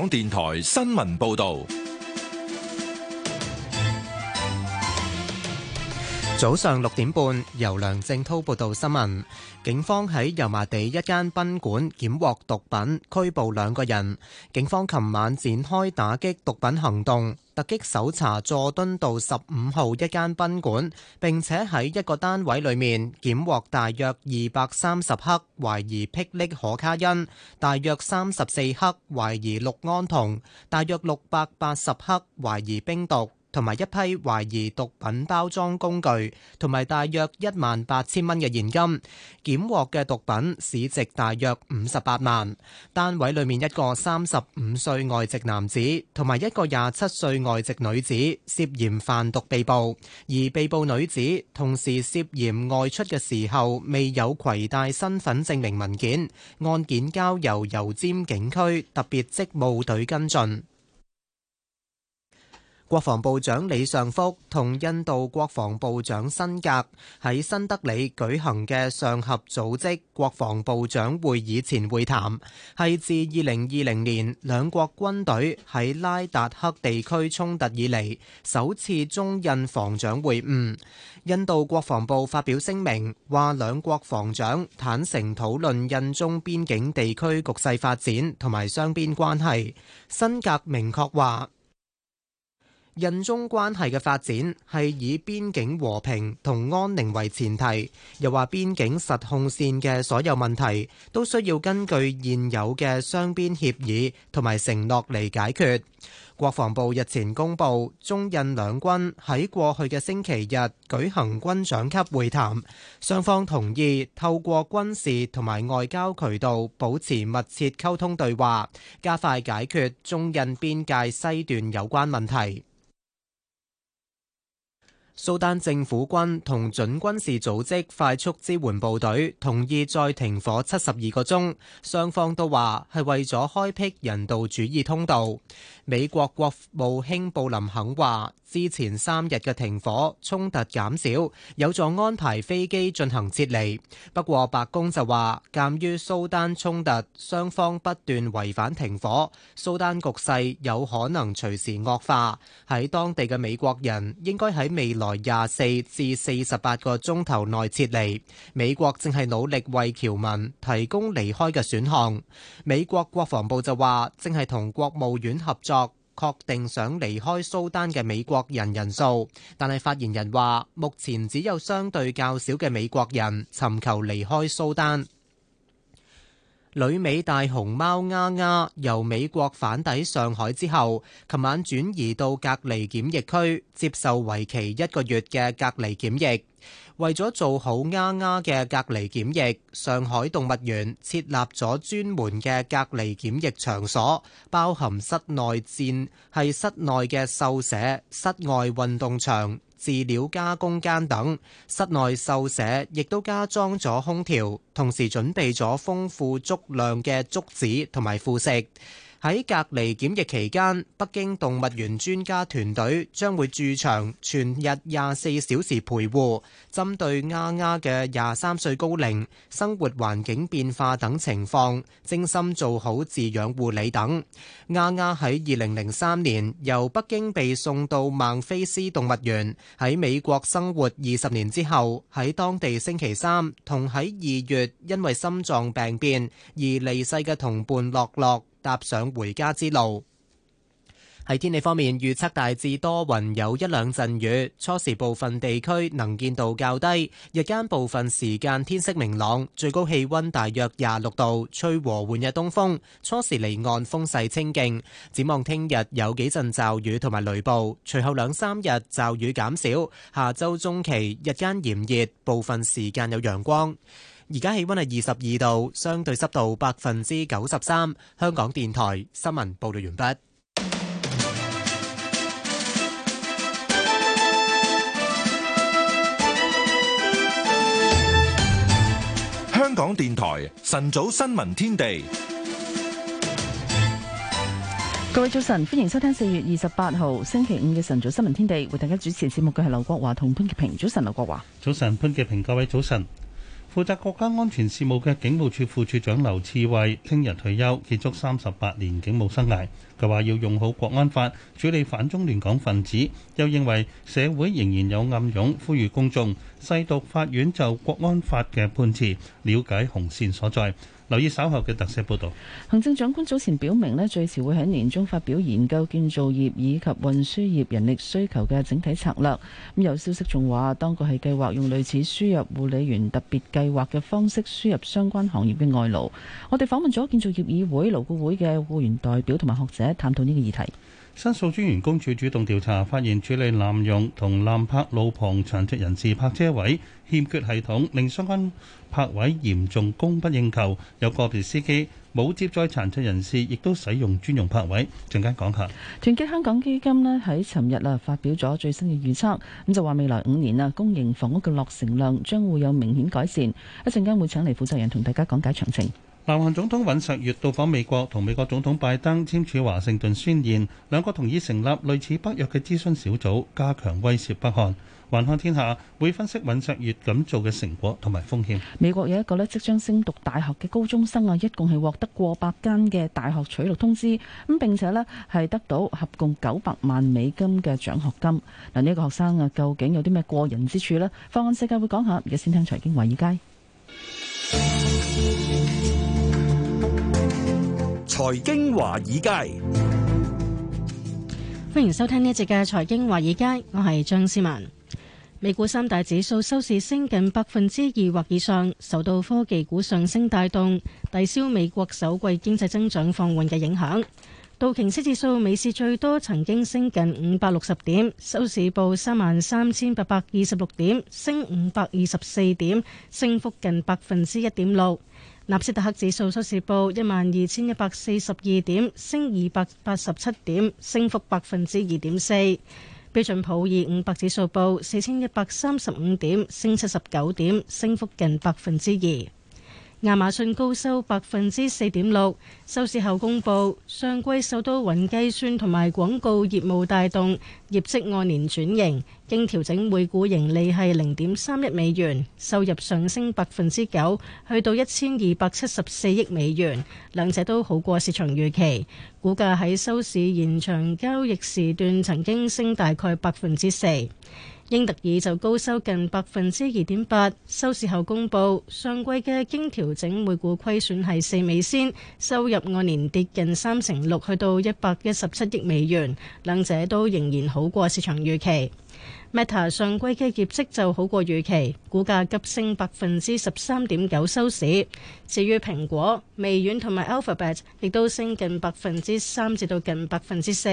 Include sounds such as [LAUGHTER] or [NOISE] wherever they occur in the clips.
港電台新聞報道：早上六點半，由梁正濤報道新聞。警方喺油麻地一間賓館檢獲毒品，拘捕兩個人。警方琴晚展開打擊毒品行動。突擊搜查佐敦道十五號一間賓館，並且喺一個單位裏面檢獲大約二百三十克懷疑霹靂可卡因，大約三十四克懷疑氯胺酮，大約六百八十克懷疑冰毒。同埋一批懷疑毒品包裝工具，同埋大約一萬八千蚊嘅現金。檢獲嘅毒品市值大約五十八萬。單位裏面一個三十五歲外籍男子同埋一個廿七歲外籍女子涉嫌販毒被捕，而被捕女子同時涉嫌外出嘅時候未有攜帶身份證明文件。案件交由油尖警區特別職務隊跟進。國防部長李尚福同印度國防部長辛格喺新德里舉行嘅上合組織國防部長會議前會談，係自二零二零年兩國軍隊喺拉達克地區衝突以嚟首次中印防長會晤。印度國防部發表聲明話，兩國防長坦誠討論印中邊境地區局勢發展同埋雙邊關係。辛格明確話。印中關係嘅發展係以邊境和平同安寧為前提，又話邊境實控線嘅所有問題都需要根據現有嘅雙邊協議同埋承諾嚟解決。國防部日前公布，中印兩軍喺過去嘅星期日舉行軍長級會談，雙方同意透過軍事同埋外交渠道保持密切溝通對話，加快解決中印邊界西段有關問題。蘇丹政府軍同準軍事組織快速支援部隊同意再停火七十二個鐘，雙方都話係為咗開闢人道主義通道。美國國務卿布林肯話，之前三日嘅停火衝突減少，有助安排飛機進行撤離。不過白宮就話，鑒於蘇丹衝突，雙方不斷違反停火，蘇丹局勢有可能隨時惡化。喺當地嘅美國人應該喺未來廿四至四十八個鐘頭內撤離。美國正係努力為僑民提供離開嘅選項。美國國防部就話，正係同國務院合作。確定想離開蘇丹嘅美國人人數，但係發言人話，目前只有相對較少嘅美國人尋求離開蘇丹。旅美大熊貓丫丫由美國返抵上海之後，琴晚轉移到隔離檢疫區接受為期一個月嘅隔離檢疫。為咗做好丫丫嘅隔離檢疫，上海動物園設立咗專門嘅隔離檢疫場所，包含室內戰係室內嘅獸舍、室外運動場。飼料加工間等室內獸舍亦都加裝咗空調，同時準備咗豐富足量嘅竹子同埋副食。喺隔離檢疫期間，北京動物園專家團隊將會駐場，全日廿四小時陪護，針對丫丫嘅廿三歲高齡、生活環境變化等情況，精心做好飼養護理等。丫丫喺二零零三年由北京被送到孟菲斯動物園喺美國生活二十年之後，喺當地星期三同喺二月因為心臟病變而離世嘅同伴樂樂，踏上回家之路。喺天氣方面，預測大致多雲，有一兩陣雨。初時部分地區能見度較低，日間部分時間天色明朗，最高氣溫大約廿六度，吹和緩嘅東風。初時離岸風勢清勁，展望聽日有幾陣驟雨同埋雷暴，隨後兩三日驟雨減少。下週中期日間炎熱，部分時間有陽光。而家氣溫係二十二度，相對濕度百分之九十三。香港電台新聞報道完畢。香港電台晨早新聞天地。各位早晨，歡迎收聽四月二十八號星期五嘅晨早新聞天地，為大家主持節目嘅係劉國華同潘潔平。早晨，劉國華。早晨，潘潔平。各位早晨。負責國家安全事務嘅警務處副處長劉賜蕙聽日退休，結束三十八年警務生涯。佢話要用好《國安法》處理反中亂港分子，又認為社會仍然有暗湧，呼籲公眾細讀法院就《國安法》嘅判詞，了解紅線所在。留意稍後嘅特色報導。行政長官早前表明咧，最遲會喺年中發表研究建造業以及運輸業人力需求嘅整體策略。咁有消息仲話，當局係計劃用類似輸入護理員特別計劃嘅方式輸入相關行業嘅外勞。我哋訪問咗建造業議會、勞顧會嘅僱員代表同埋學者，探討呢個議題。申訴專員公署主動調查，發現處理濫用同濫泊路旁殘疾人士泊車位欠缺系統，令相關泊位嚴重供不應求。有個別司機冇接載殘疾人士，亦都使用專用泊位。一陣間講下。團結香港基金呢喺尋日啊發表咗最新嘅預測，咁就話未來五年啊公營房屋嘅落成量將會有明顯改善。一陣間會請嚟負責人同大家講解詳情。南韓總統尹錫悅到訪美國，同美國總統拜登簽署華盛頓宣言，兩國同意成立類似北約嘅諮詢小組，加強威懾北韓。環看天下會分析尹錫悅咁做嘅成果同埋風險。美國有一個咧，即將升讀大學嘅高中生啊，一共係獲得過百間嘅大學取錄通知，咁並且咧係得到合共九百萬美金嘅獎學金。嗱，呢一個學生啊，究竟有啲咩過人之處咧？放眼世界會講下，而家先聽財經華爾街。財經華爾街，歡迎收聽呢一節嘅財經華爾街，我係張思文。美股三大指數收市升近百分之二或以上，受到科技股上升帶動，抵消美國首季經濟增長放緩嘅影響。道瓊斯指數美市最多曾經升近五百六十點，收市報三萬三千八百二十六點，升五百二十四點，升幅近百分之一點六。納斯達克指數收市報一萬二千一百四十二點，升二百八十七點，升幅百分之二點四。標準普爾五百指數報四千一百三十五點，升七十九點，升幅近百分之二。亞馬遜高收百分之四點六，收市後公布上季受到雲計算同埋廣告業務帶動，業績按年轉型。經調整每股盈利係零點三一美元，收入上升百分之九，去到一千二百七十四億美元，兩者都好過市場預期。股價喺收市延長交易時段曾經升大概百分之四。英特爾就高收近百分之二點八，收市後公佈上季嘅經調整每股虧損係四美仙，收入按年跌近三成六，去到一百一十七億美元，兩者都仍然好過市場預期。Meta 上季嘅業績就好過預期，股價急升百分之十三點九收市。至於蘋果、微軟同埋 Alphabet，亦都升近百分之三至到近百分之四。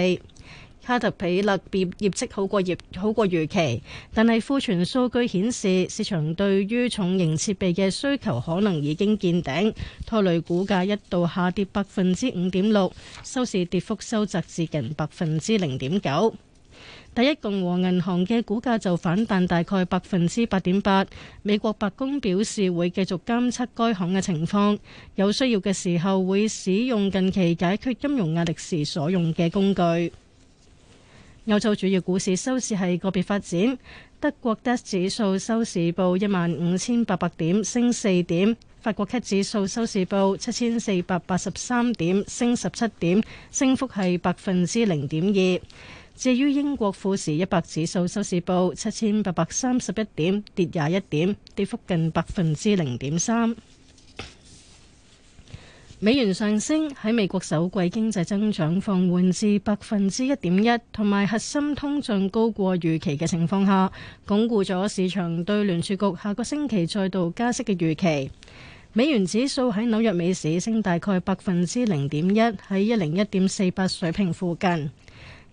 卡特彼勒業績好過業好過預期，但係庫存數據顯示市場對於重型設備嘅需求可能已經見頂，拖累股價一度下跌百分之五點六，收市跌幅收窄至近百分之零點九。第一共和銀行嘅股價就反彈，大概百分之八點八。美國白宮表示會繼續監測該行嘅情況，有需要嘅時候會使用近期解決金融壓力時所用嘅工具。歐洲主要股市收市係個別發展，德國 DAX 指數收市報一萬五千八百點，升四點；法國 CAC 指數收市報七千四百八十三點，升十七點，升幅係百分之零點二。至於英國富時一百指數收市報七千八百三十一點，跌廿一點，跌幅近百分之零點三。美元上升喺美國首季經濟增長放緩至百分之一點一，同埋核心通脹高過預期嘅情況下，鞏固咗市場對聯儲局下個星期再度加息嘅預期。美元指數喺紐約美市升大概百分之零點一，喺一零一點四八水平附近。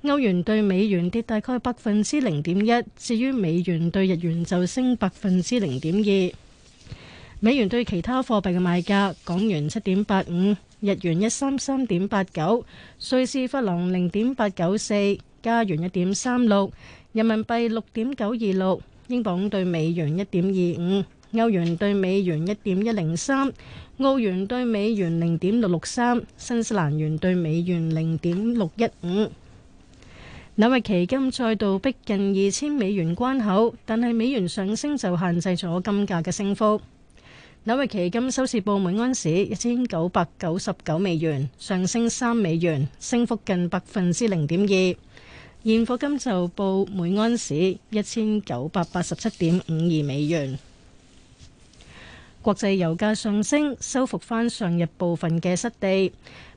歐元對美元跌大概百分之零點一，至於美元對日元就升百分之零點二。美元對其他貨幣嘅賣價：港元七點八五，日元一三三點八九，瑞士法郎零點八九四，加元一點三六，人民幣六點九二六，英鎊兌美元一點二五，歐元兌美元一點一零三，澳元兌美元零點六六三，新西蘭元兌美元零點六一五。紐約期金再度逼近二千美元關口，但係美元上升就限制咗金價嘅升幅。紐約期金收市報每安士一千九百九十九美元，上升三美元，升幅近百分之零點二。現貨金就報每安士一千九百八十七點五二美元。國際油價上升，收復翻上日部分嘅失地。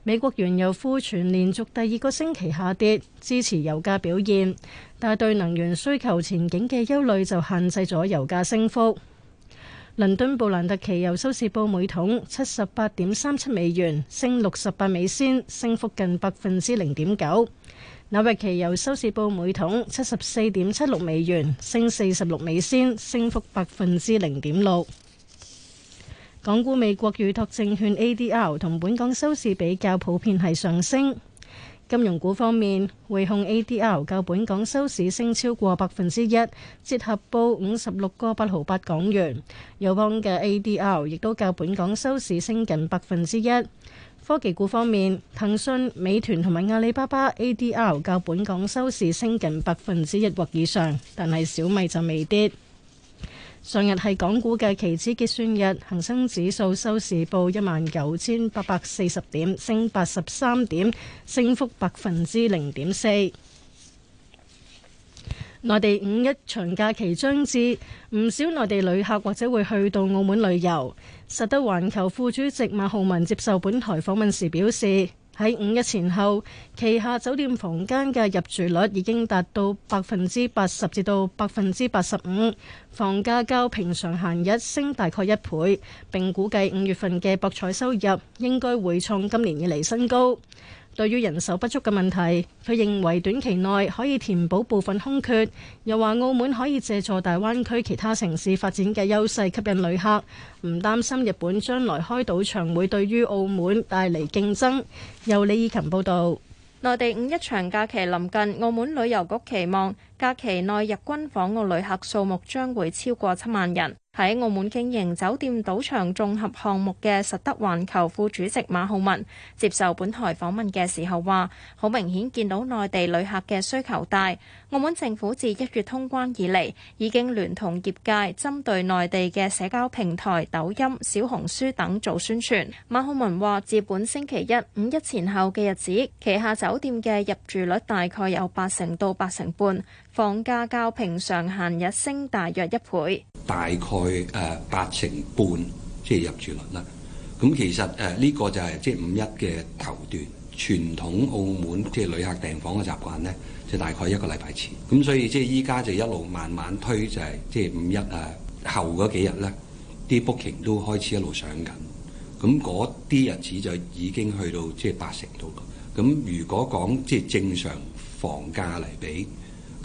美國原油庫存連續第二個星期下跌，支持油價表現，但係對能源需求前景嘅憂慮就限制咗油價升幅。倫敦布蘭特期油收市報每桶七十八點三七美元，升六十八美仙，升幅近百分之零點九。紐約期油收市報每桶七十四點七六美元，升四十六美仙，升幅百分之零點六。港股、美國預託證券 ADR 同本港收市比較普遍係上升。金融股方面，匯控 ADR 較本港收市升超過百分之一，折合報五十六個八毫八港元。友邦嘅 ADR 亦都較本港收市升近百分之一。科技股方面，騰訊、美團同埋阿里巴巴 ADR 較本港收市升近百分之一或以上，但係小米就未跌。上日係港股嘅期指結算日，恒生指數收市報一萬九千八百四十點，升八十三點，升幅百分之零點四。內地五一長假期將至，唔少內地旅客或者會去到澳門旅遊。實德環球副主席馬浩文接受本台訪問時表示，喺五一前後，旗下酒店房間嘅入住率已經達到百分之八十至到百分之八十五，房價較平常閒日升大概一倍。並估計五月份嘅博彩收入應該會創今年以嚟新高。對於人手不足嘅問題，佢認為短期內可以填補部分空缺。又話澳門可以借助大灣區其他城市發展嘅優勢吸引旅客，唔擔心日本將來開賭場會對於澳門帶嚟競爭。由李以琴報道，內地五一長假期臨近，澳門旅遊局期望假期內日均訪澳旅客數目將會超過七萬人。喺澳門經營酒店、賭場綜合項目嘅實德環球副主席馬浩文接受本台訪問嘅時候話，好明顯見到內地旅客嘅需求大。澳門政府自一月通關以嚟，已經聯同業界針對內地嘅社交平台、抖音、小紅書等做宣傳。馬浩文話，自本星期一五一前後嘅日子，旗下酒店嘅入住率大概有八成到八成半。房價較平常閒日升大約一倍，大概誒八成半，即係入住率啦。咁其實誒呢個就係即係五一嘅頭段，傳統澳門即係旅客訂房嘅習慣咧，即係大概一個禮拜前咁，所以即係依家就一路慢慢推，就係即係五一啊後嗰幾日咧，啲 booking 都開始一路上緊，咁嗰啲日子就已經去到即係八成度。咁如果講即係正常房價嚟比。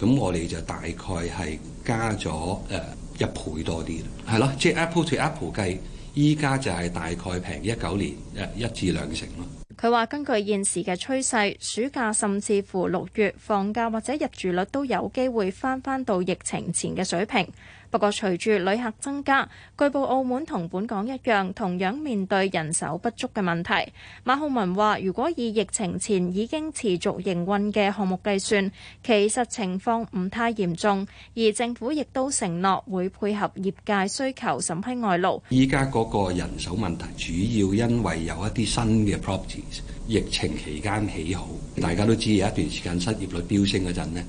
咁我哋就大概係加咗誒、呃、一倍多啲，係咯，即係 Apple to Apple 計，依家就係大概平一九年誒、呃、一至兩成咯。佢話根據現時嘅趨勢，暑假甚至乎六月放假或者入住率都有機會翻翻到疫情前嘅水平。不過，隨住旅客增加，據報澳門同本港一樣，同樣面對人手不足嘅問題。馬浩文話：如果以疫情前已經持續營運嘅項目計算，其實情況唔太嚴重。而政府亦都承諾會配合業界需求審批外勞。依家嗰個人手問題，主要因為有一啲新嘅 property，疫情期間起好，大家都知有一段時間失業率飆升嗰陣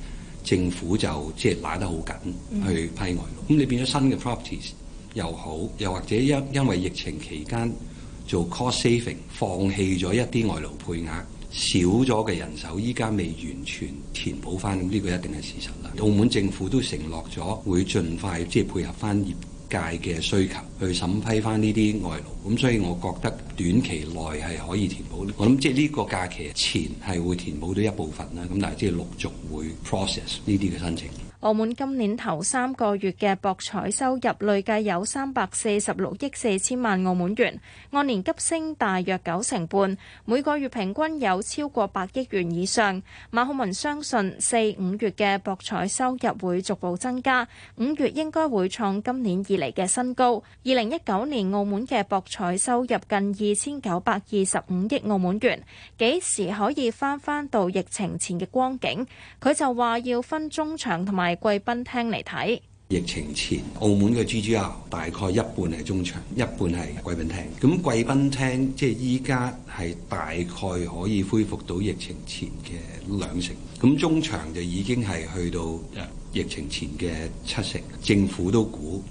政府就即係拉得好緊去批外勞，咁你變咗新嘅 properties 又好，又或者因因為疫情期間做 cost saving 放棄咗一啲外勞配額，少咗嘅人手，依家未完全填補翻，咁呢個一定係事實啦。澳門政府都承諾咗會盡快即係配合翻業界嘅需求去審批翻呢啲外勞，咁所以我覺得短期內係可以填補。我諗即係呢個假期前係會填補到一部分啦，咁但係即係陸續會 process 呢啲嘅申請。澳門今年頭三個月嘅博彩收入累計有三百四十六億四千萬澳門元，按年急升大約九成半，每個月平均有超過百億元以上。馬浩文相信四五月嘅博彩收入會逐步增加，五月應該會創今年以嚟嘅新高。二零一九年澳門嘅博彩收入近二千九百二十五億澳門元，幾時可以翻返到疫情前嘅光景？佢就話要分中長同埋貴賓廳嚟睇，疫情前澳門嘅 GGR 大概一半係中場，一半係貴賓廳。咁貴賓廳即係依家係大概可以恢復到疫情前嘅兩成，咁中場就已經係去到誒疫情前嘅七成。政府都估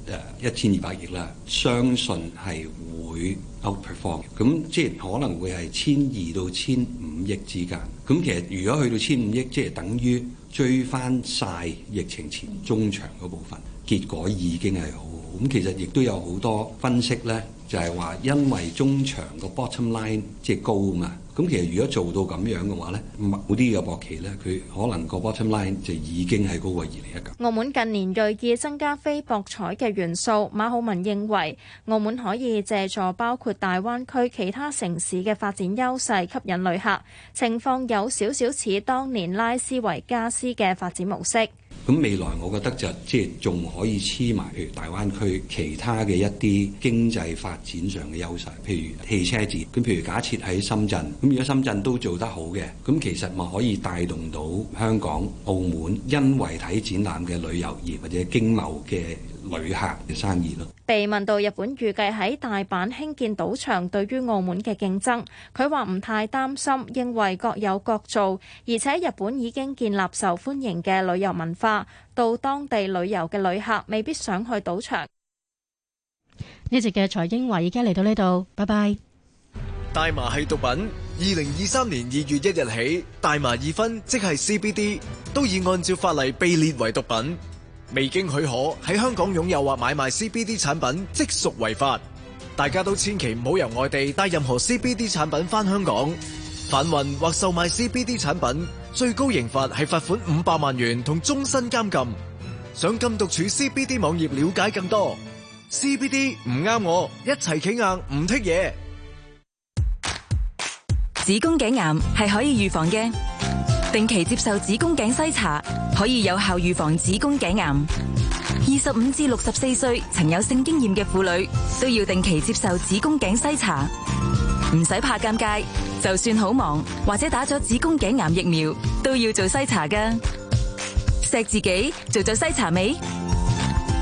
誒一千二百億啦，相信係會 outperform。咁即係可能會係千二到千五億之間。咁其實如果去到千五億，即係等於。追翻曬疫情前中長嗰部分，結果已經係好好。咁其實亦都有好多分析咧，就係話因為中長個 bottom line 即係高嘛。咁其實如果做到咁樣嘅話呢，某啲嘅博企呢，佢可能個 bottom line 就已經係高過二零一九。澳門近年銳意增加非博彩嘅元素，馬浩文認為澳門可以借助包括大灣區其他城市嘅發展優勢吸引旅客，情況有少少似當年拉斯維加斯嘅發展模式。咁未來我覺得就即係仲可以黐埋譬如大灣區其他嘅一啲經濟發展上嘅優勢，譬如汽車節。咁譬如假設喺深圳，咁如果深圳都做得好嘅，咁其實咪可以帶動到香港、澳門，因為睇展覽嘅旅遊業或者經貿嘅。旅客嘅生意咯。被問到日本預計喺大阪興建賭場對於澳門嘅競爭，佢話唔太擔心，認為各有各做，而且日本已經建立受歡迎嘅旅遊文化，到當地旅遊嘅旅客未必想去賭場。呢席嘅財英話已經嚟到呢度，拜拜。大麻係毒品。二零二三年二月一日起，大麻二酚即係 CBD 都已按照法例被列為毒品。未經許可喺香港擁有或買賣 CBD 產品即屬違法，大家都千祈唔好由外地帶任何 CBD 產品返香港。販運或售賣 CBD 產品最高刑罰係罰款五百萬元同終身監禁，想禁。想禁毒處 CBD 網頁了解更多。CBD 唔啱我，一齊企硬唔剔嘢。子宮頸癌係可以預防嘅，定期接受子宮頸篩查。可以有效預防子宮頸癌。二十五至六十四歲曾有性經驗嘅婦女，都要定期接受子宮頸篩查。唔使怕尷尬，就算好忙或者打咗子宮頸癌疫苗，都要做篩查㗎。錫自己做咗篩查未？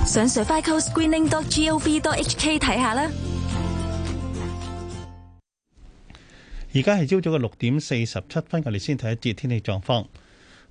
上 cervicalscreening.gov.hk 睇下啦。而家係朝早嘅六點四十七分，我哋先睇一節天氣狀況。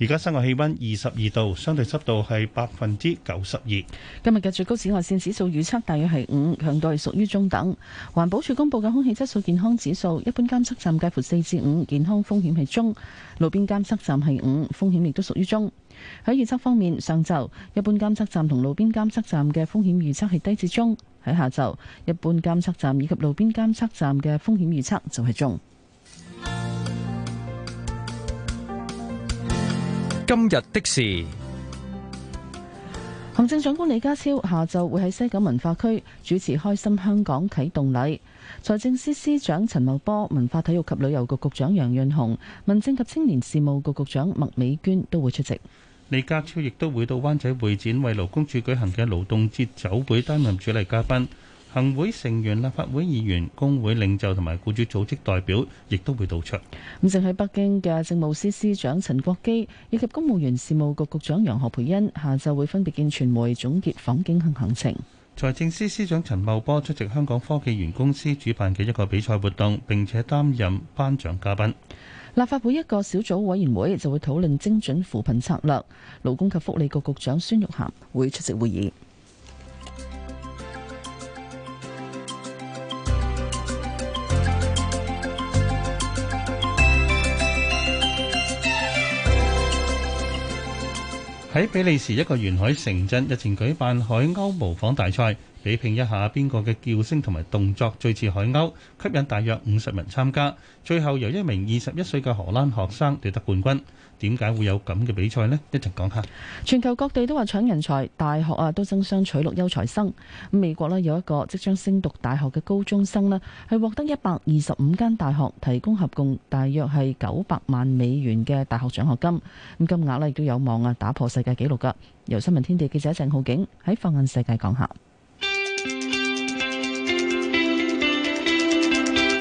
而家室外氣溫二十二度，相對濕度係百分之九十二。今日嘅最高紫外線指數預測大約係五，強度係屬於中等。環保署公布嘅空氣質素健康指數，一般監測站介乎四至五，健康風險係中；路邊監測站係五，風險亦都屬於中。喺預測方面，上晝一般監測站同路邊監測站嘅風險預測係低至中；喺下晝一般監測站以及路邊監測站嘅風險預測就係中。今日的事，行政長官李家超下晝會喺西九文化區主持開心香港啟動禮，財政司司長陳茂波、文化體育及旅遊局局長楊潤雄、民政及青年事務局局長麥美娟都會出席。李家超亦都會到灣仔會展為勞工處舉行嘅勞動節酒會擔任主禮嘉賓。行會成員、立法會議員、工會領袖同埋僱主組織代表，亦都會到場。咁正喺北京嘅政務司司長陳國基，以及公務員事務局局，局長楊何蓓茵，下晝會分別見傳媒總結訪京行行程。財政司司長陳茂波出席香港科技園公司主辦嘅一個比賽活動，並且擔任頒獎嘉賓。立法會一個小組委員會就會討論精準扶貧策，策略，勞工及福利局局長孫玉菡會出席會議。喺比利時一個沿海城鎮日前舉辦海鷗模仿大賽，比拼一下邊個嘅叫聲同埋動作最似海鷗，吸引大約五十人參加，最後由一名二十一歲嘅荷蘭學生奪得冠軍。點解會有咁嘅比賽呢？一陣講下。全球各地都話搶人才，大學啊都爭相取錄優才生。咁美國咧有一個即將升讀大學嘅高中生咧，係獲得一百二十五間大學提供合共大約係九百萬美元嘅大學獎學金。咁金額咧亦都有望啊打破世界紀錄噶。由新聞天地記者鄭浩景喺放眼世界講下。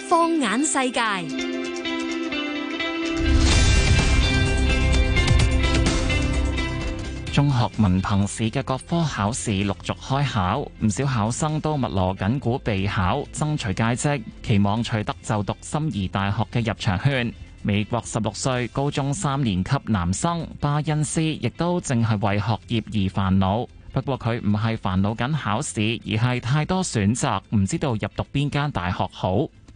放眼世界。中學文憑試嘅各科考試陸續開考，唔少考生都密鑼緊鼓備考，爭取佳績，期望取得就讀心儀大學嘅入場券。美國十六歲高中三年級男生巴恩斯亦都正係為學業而煩惱，不過佢唔係煩惱緊考試，而係太多選擇，唔知道入讀邊間大學好。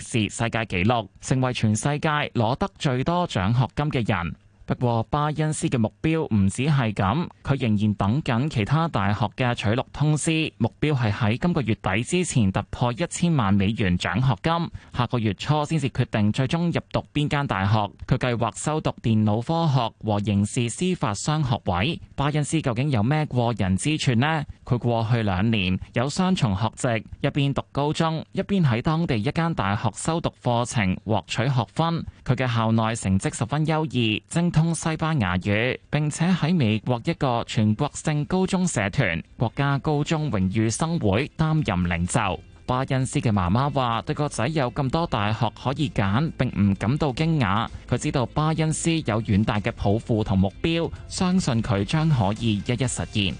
是世界紀錄，成為全世界攞得最多獎學金嘅人。不過巴恩斯嘅目標唔止係咁，佢仍然等緊其他大學嘅取錄通知，目標係喺今個月底之前突破一千萬美元獎學金，下個月初先至決定最終入讀邊間大學，佢計劃修讀電腦科學和刑事司法雙學位。巴恩斯究竟有咩過人之處呢？佢過去兩年有雙重學籍，一邊讀高中，一邊喺當地一間大學修讀課程獲取學分。佢嘅校內成績十分優異。精通西班牙語，並且喺美國一個全國性高中社團——國家高中榮譽生會擔任領袖。巴恩斯嘅媽媽話，對個仔有咁多大學可以揀，並唔感到驚訝。佢知道巴恩斯有遠大嘅抱負同目標，相信佢將可以一一實現。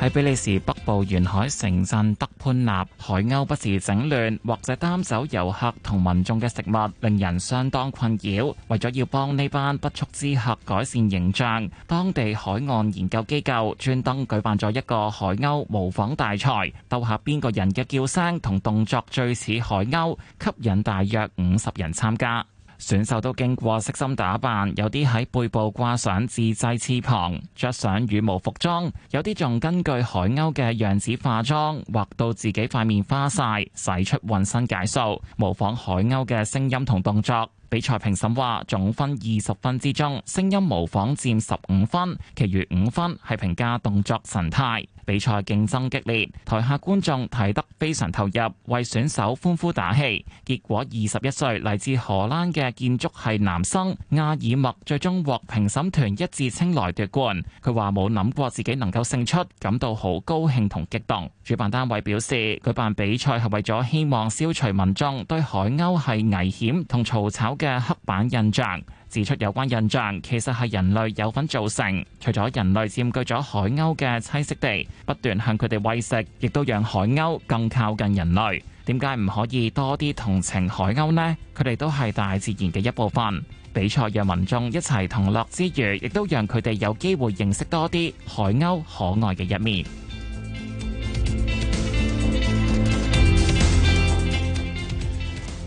喺比利時北部沿海城鎮德潘納，海鷗不時整亂或者擔走遊客同民眾嘅食物，令人相當困擾。為咗要幫呢班不速之客改善形象，當地海岸研究機構專登舉辦咗一個海鷗模仿大賽，鬥下邊個人嘅叫聲同動作最似海鷗，吸引大約五十人參加。選手都經過悉心打扮，有啲喺背部掛上自製翅膀，着上羽毛服裝，有啲仲根據海鷗嘅樣子化妝，畫到自己塊面花晒，使出渾身解數模仿海鷗嘅聲音同動作。比賽評審話，總分二十分之中，聲音模仿佔十五分，其餘五分係評價動作神態。比賽競爭激烈，台下觀眾睇得非常投入，為選手歡呼打氣。結果二十一歲嚟自荷蘭嘅建築系男生阿爾默，最終獲評審團一致青睞奪冠。佢話冇諗過自己能夠勝出，感到好高興同激動。主辦單位表示，舉辦比賽係為咗希望消除民眾對海鷗係危險同嘈吵嘅刻板印象。指出有關印象其實係人類有份造成，除咗人類佔據咗海鷗嘅棲息地，不斷向佢哋餵食，亦都讓海鷗更靠近人類。點解唔可以多啲同情海鷗呢？佢哋都係大自然嘅一部分。比賽讓民眾一齊同樂之餘，亦都讓佢哋有機會認識多啲海鷗可愛嘅一面。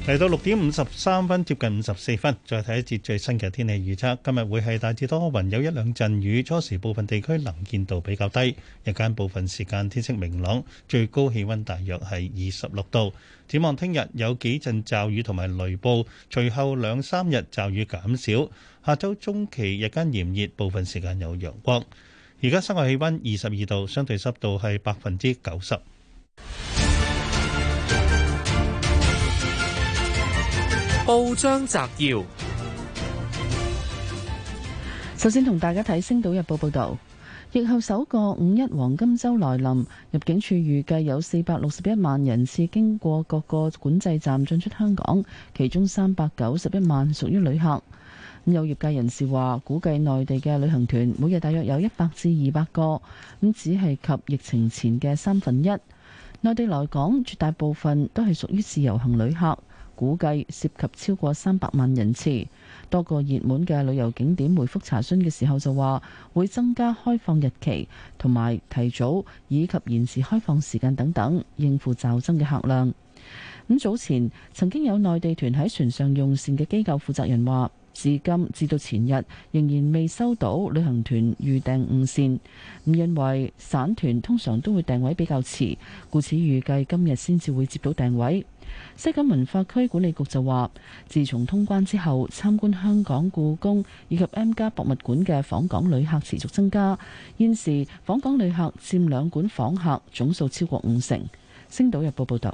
嚟到六點五十三分，接近五十四分，再睇一節最新嘅天氣預測。今日會係大致多雲，有一兩陣雨，初時部分地區能見度比較低。日間部分時間天色明朗，最高氣溫大約係二十六度。展望聽日有幾陣驟雨同埋雷暴，隨後兩三日驟雨減少。下週中期日間炎熱，部分時間有陽光。而家室外氣溫二十二度，相對濕度係百分之九十。報章摘要：首先同大家睇《星島日報》報道，疫後首個五一黃金周來臨，入境處預計有四百六十一萬人次經過各個管制站進出香港，其中三百九十一萬屬於旅客。有業界人士話，估計內地嘅旅行團每日大約有一百至二百個，咁只係及疫情前嘅三分一。內地來港絕大部分都係屬於自由行旅客。估計涉及超過三百萬人次。多個熱門嘅旅遊景點回覆查詢嘅時候就話會增加開放日期同埋提早以及延遲開放時間等等，應付驟增嘅客量。咁早前曾經有內地團喺船上用膳嘅機構負責人話，至今至到前日仍然未收到旅行團預訂誤線，唔認為散團通常都會訂位比較遲，故此預計今日先至會接到訂位。西九文化區管理局就話，自從通關之後，參觀香港故宮以及 M+ 博物館嘅訪港旅客持續增加，現時訪港旅客佔兩館訪客總數超過五成。星島日報報道。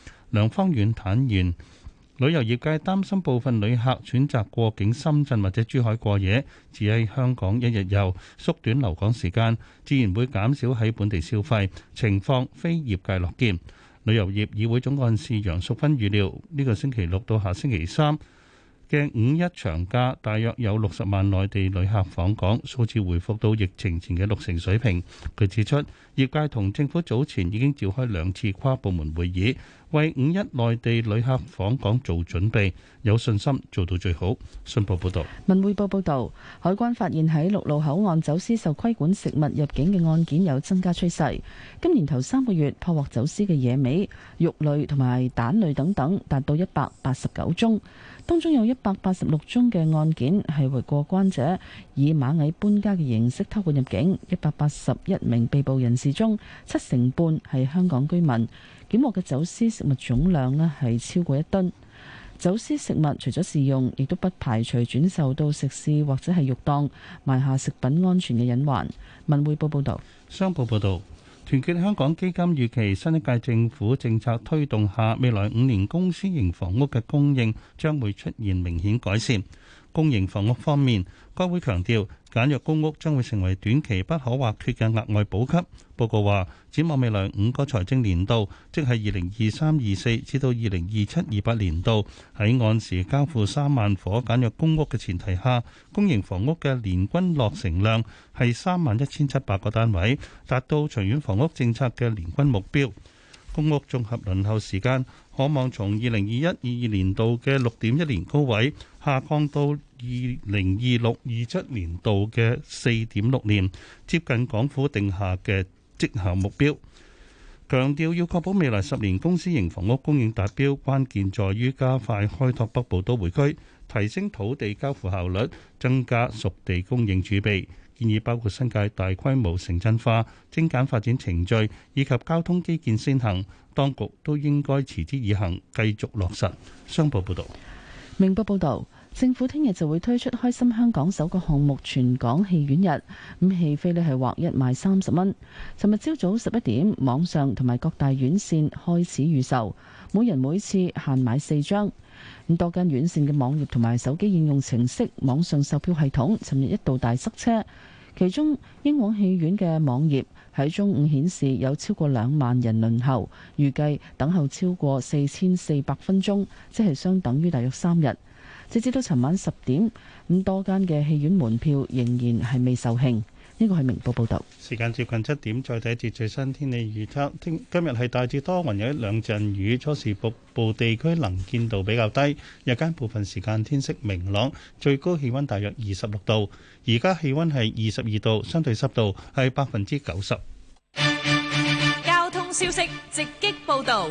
梁方遠坦言，旅遊業界擔心部分旅客選擇過境深圳或者珠海過夜，只喺香港一日遊，縮短留港時間，自然會減少喺本地消費，情況非業界樂見。旅遊業議會總幹事楊淑芬預料，呢個星期六到下星期三嘅五一長假，大約有六十萬內地旅客訪港，數字回復到疫情前嘅六成水平。佢指出，業界同政府早前已經召開兩次跨部門會議。為五一內地旅客訪港做準備，有信心做到最好。信報報道，文匯報報道，海關發現喺陸路口岸走私受規管食物入境嘅案件有增加趨勢。今年頭三個月破獲走私嘅野味、肉類同埋蛋類等等，達到一百八十九宗。當中有一百八十六宗嘅案件係為過關者以螞蟻搬家嘅形式偷運入境。一百八十一名被捕人士中，七成半係香港居民。檢獲嘅走私食物總量咧係超過一噸，走私食物除咗食用，亦都不排除轉售到食肆或者係肉檔，埋下食品安全嘅隱患。文匯報報道。商報報道，團結香港基金預期新一屆政府政策推動下，未來五年公私營房屋嘅供應將會出現明顯改善。公營房屋方面，該會強調。簡約公屋將會成為短期不可或缺嘅額外補給。報告話，展望未來五個財政年度，即係二零二三、二四至到二零二七、二八年度，喺按時交付三萬伙簡約公屋嘅前提下，公營房屋嘅年均落成量係三萬一千七百個單位，達到長遠房屋政策嘅年均目標。公屋綜合輪候時間可望從二零二一、二二年度嘅六點一年高位下降到，二零二六、二七年度嘅四點六年，接近港府定下嘅績效目標。強調要確保未來十年公營房屋供應達標，關鍵在於加快開拓北部都會區，提升土地交付效率，增加熟地供應儲備。建議包括新界大規模城鎮化、精簡發展程序以及交通基建先行，當局都應該持之以恆，繼續落實。商報報道，明報報道。政府聽日就會推出開心香港首個項目，全港戲院日，咁戲飛呢，係劃一賣三十蚊。尋日朝早十一點網上同埋各大院線開始預售，每人每次限買四張，咁多間院線嘅網頁同埋手機應用程式、網上售票系統尋日一度大塞車，其中英皇戲院嘅網頁，喺中午顯示有超過兩萬人輪候，預計等候超過四千四百分鐘，即係相等於大約三日。直至到尋晚十點，咁多間嘅戲院門票仍然係未售罄。呢個係明報報道。時間接近七點，再睇一節最新天氣預測。聽今日係大致多雲，有一兩陣雨。初時局部地區能見度比較低。日間部分時間天色明朗，最高氣溫大約二十六度。而家，氣溫係二十二度，相對濕度係百分之九十。交通消息直擊報道。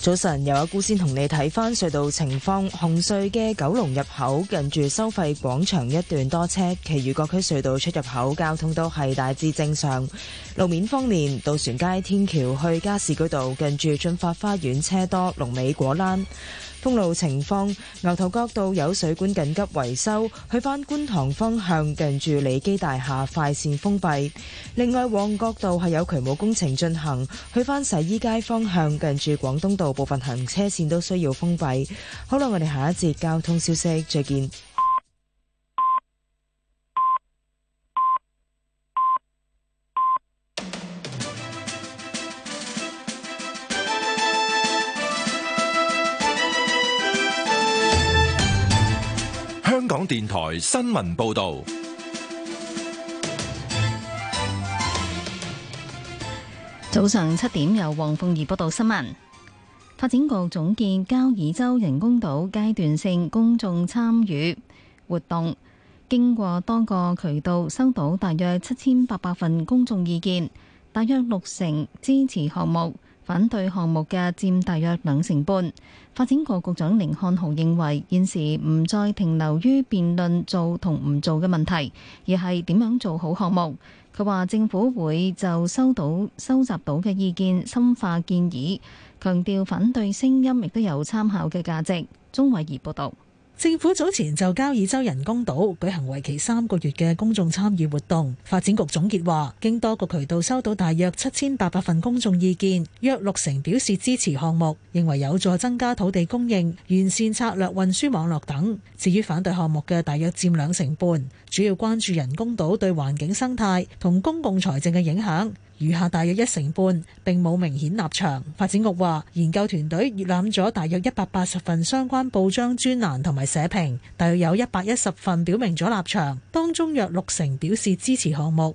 早晨，又有姑先同你睇翻隧道情況。紅隧嘅九龍入口近住收費廣場一段多車，其餘各區隧道出入口交通都係大致正常。路面方面，渡船街天橋去加士居道近住駿發花園車多，龍尾果欄。封路情況，牛頭角道有水管緊急維修；去返觀塘方向近住里基大廈快線封閉。另外，旺角道係有渠務工程進行；去返洗衣街方向近住廣東道部分行車線都需要封閉。好啦，我哋下一節交通消息，再見。香港電台新聞報道，早上七點由黃鳳儀報道新聞。發展局總結交椅洲人工島階段性公眾參與活動，經過多個渠道收到大約七千八百份公眾意見，大約六成支持項目。反對項目嘅佔大約兩成半。發展局局長凌漢豪認為，現時唔再停留於辯論做同唔做嘅問題，而係點樣做好項目。佢話：政府會就收到、收集到嘅意見深化建議，強調反對聲音亦都有參考嘅價值。鍾偉儀報道。政府早前就交椅洲人工島舉行為期三個月嘅公眾參與活動，發展局總結話，經多個渠道收到大約七千八百份公眾意見，約六成表示支持項目，認為有助增加土地供應、完善策略運輸網絡等。至於反對項目嘅大約佔兩成半，主要關注人工島對環境生態同公共財政嘅影響。餘下大約一成半並冇明顯立場。發展局話，研究團隊閲覽咗大約一百八十份相關報章專欄同埋社評，大約有一百一十份表明咗立場，當中約六成表示支持項目。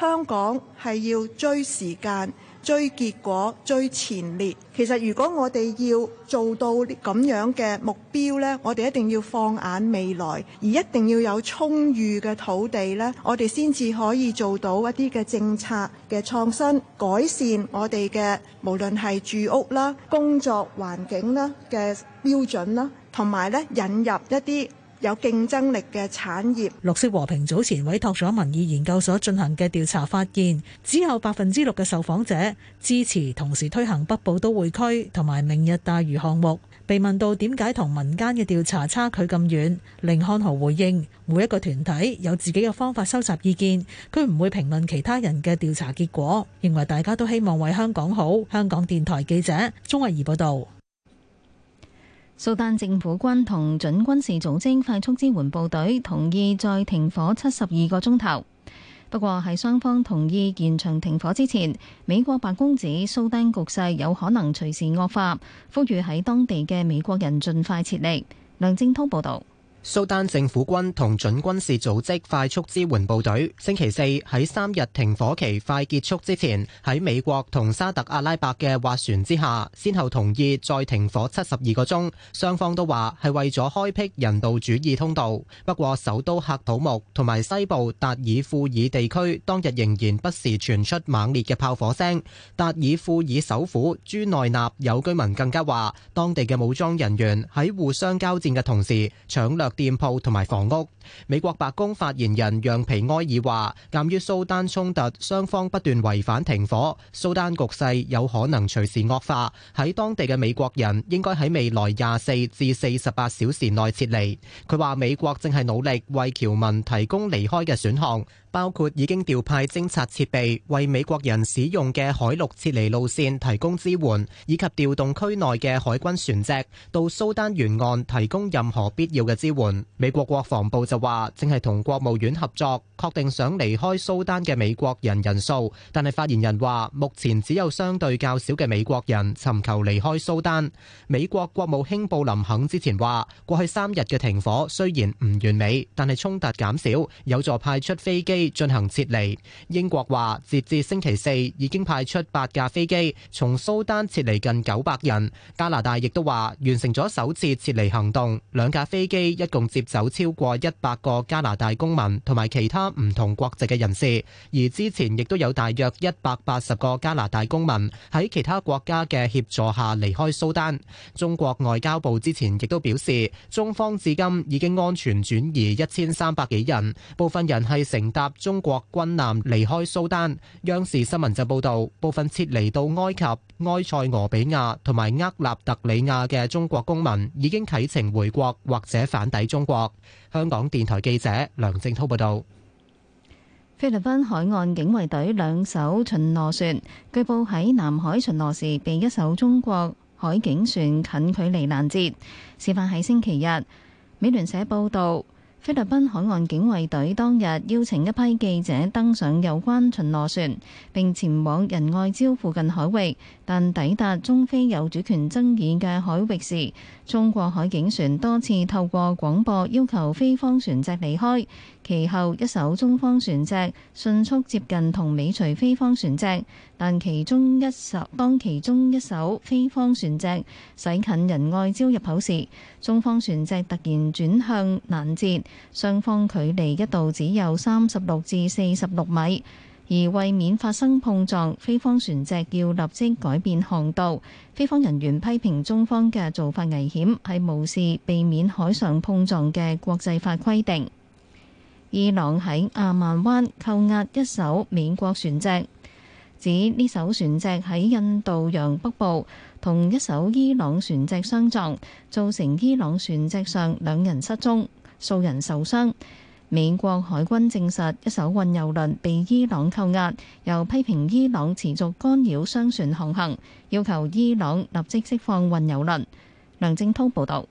香港係要追時間、追結果、追前列。其實如果我哋要做到咁樣嘅目標呢，我哋一定要放眼未來，而一定要有充裕嘅土地呢，我哋先至可以做到一啲嘅政策嘅創新、改善我哋嘅無論係住屋啦、工作環境啦嘅標準啦，同埋呢引入一啲。有競爭力嘅產業。綠色和平早前委託咗民意研究所進行嘅調查發現，只有百分之六嘅受訪者支持同時推行北部都會區同埋明日大嶼項目。被問到點解同民間嘅調查差距咁遠，甯漢豪回應：每一個團體有自己嘅方法收集意見，佢唔會評論其他人嘅調查結果。認為大家都希望為香港好。香港電台記者鍾慧儀報道。蘇丹政府軍同準軍事組織快速支援部隊同意再停火七十二個鐘頭，不過喺雙方同意延長停火之前，美國白宮指蘇丹局勢有可能隨時惡化，呼籲喺當地嘅美國人盡快撤離。梁正滔報道。蘇丹政府軍同準軍事組織快速支援部隊星期四喺三日停火期快結束之前，喺美國同沙特阿拉伯嘅斡旋之下，先後同意再停火七十二個鐘。雙方都話係為咗開闢人道主義通道。不過，首都喀土木同埋西部達爾富爾地區當日仍然不時傳出猛烈嘅炮火聲。達爾富爾首府朱內納有居民更加話，當地嘅武裝人員喺互相交戰嘅同時搶掠。店鋪同埋房屋。美國白宮發言人讓皮埃爾話，鑑於蘇丹衝突雙方不斷違反停火，蘇丹局勢有可能隨時惡化。喺當地嘅美國人應該喺未來廿四至四十八小時內撤離。佢話美國正係努力為僑民提供離開嘅選項。包括已經調派偵察設備，為美國人使用嘅海陸撤離路線提供支援，以及調動區內嘅海軍船隻，到蘇丹沿岸提供任何必要嘅支援。美國國防部就話，正係同國務院合作，確定想離開蘇丹嘅美國人人數。但係發言人話，目前只有相對較少嘅美國人尋求離開蘇丹。美國國務卿布林肯之前話，過去三日嘅停火雖然唔完美，但係衝突減少，有助派出飛機。進行撤離。英國話，截至星期四已經派出八架飛機從蘇丹撤離近九百人。加拿大亦都話完成咗首次撤離行動，兩架飛機一共接走超過一百個加拿大公民同埋其他唔同國籍嘅人士。而之前亦都有大約一百八十個加拿大公民喺其他國家嘅協助下離開蘇丹。中國外交部之前亦都表示，中方至今已經安全轉移一千三百幾人，部分人係乘搭。中國軍艦離開蘇丹央視新聞就報道，部分撤離到埃及、埃塞俄比亞同埋厄立特里亞嘅中國公民已經啟程回國或者返抵中國。香港電台記者梁正濤報道。菲律賓海岸警衛隊兩艘巡邏船，據報喺南海巡邏時被一艘中國海警船近距離攔截，事發喺星期日。美聯社報道。菲律賓海岸警衛隊當日邀請一批記者登上有關巡邏船，並前往仁愛礁附近海域，但抵達中菲有主權爭議嘅海域時，中國海警船多次透過廣播要求菲方船隻離開，其後一艘中方船隻迅速接近同尾隨菲方船隻，但其中一艘當其中一艘菲方船隻駛近仁愛礁入口時，中方船隻突然轉向攔截，雙方距離一度只有三十六至四十六米。而為免發生碰撞，菲方船隻要立即改變航道。菲方人員批評中方嘅做法危險，係無視避免海上碰撞嘅國際法規定。伊朗喺阿曼灣扣押一艘美國船隻，指呢艘船隻喺印度洋北部同一艘伊朗船隻相撞，造成伊朗船隻上兩人失蹤，數人受傷。美國海軍證實一艘運油輪被伊朗扣押，又批評伊朗持續干擾商船航行，要求伊朗立即釋放運油輪。梁正濤報道。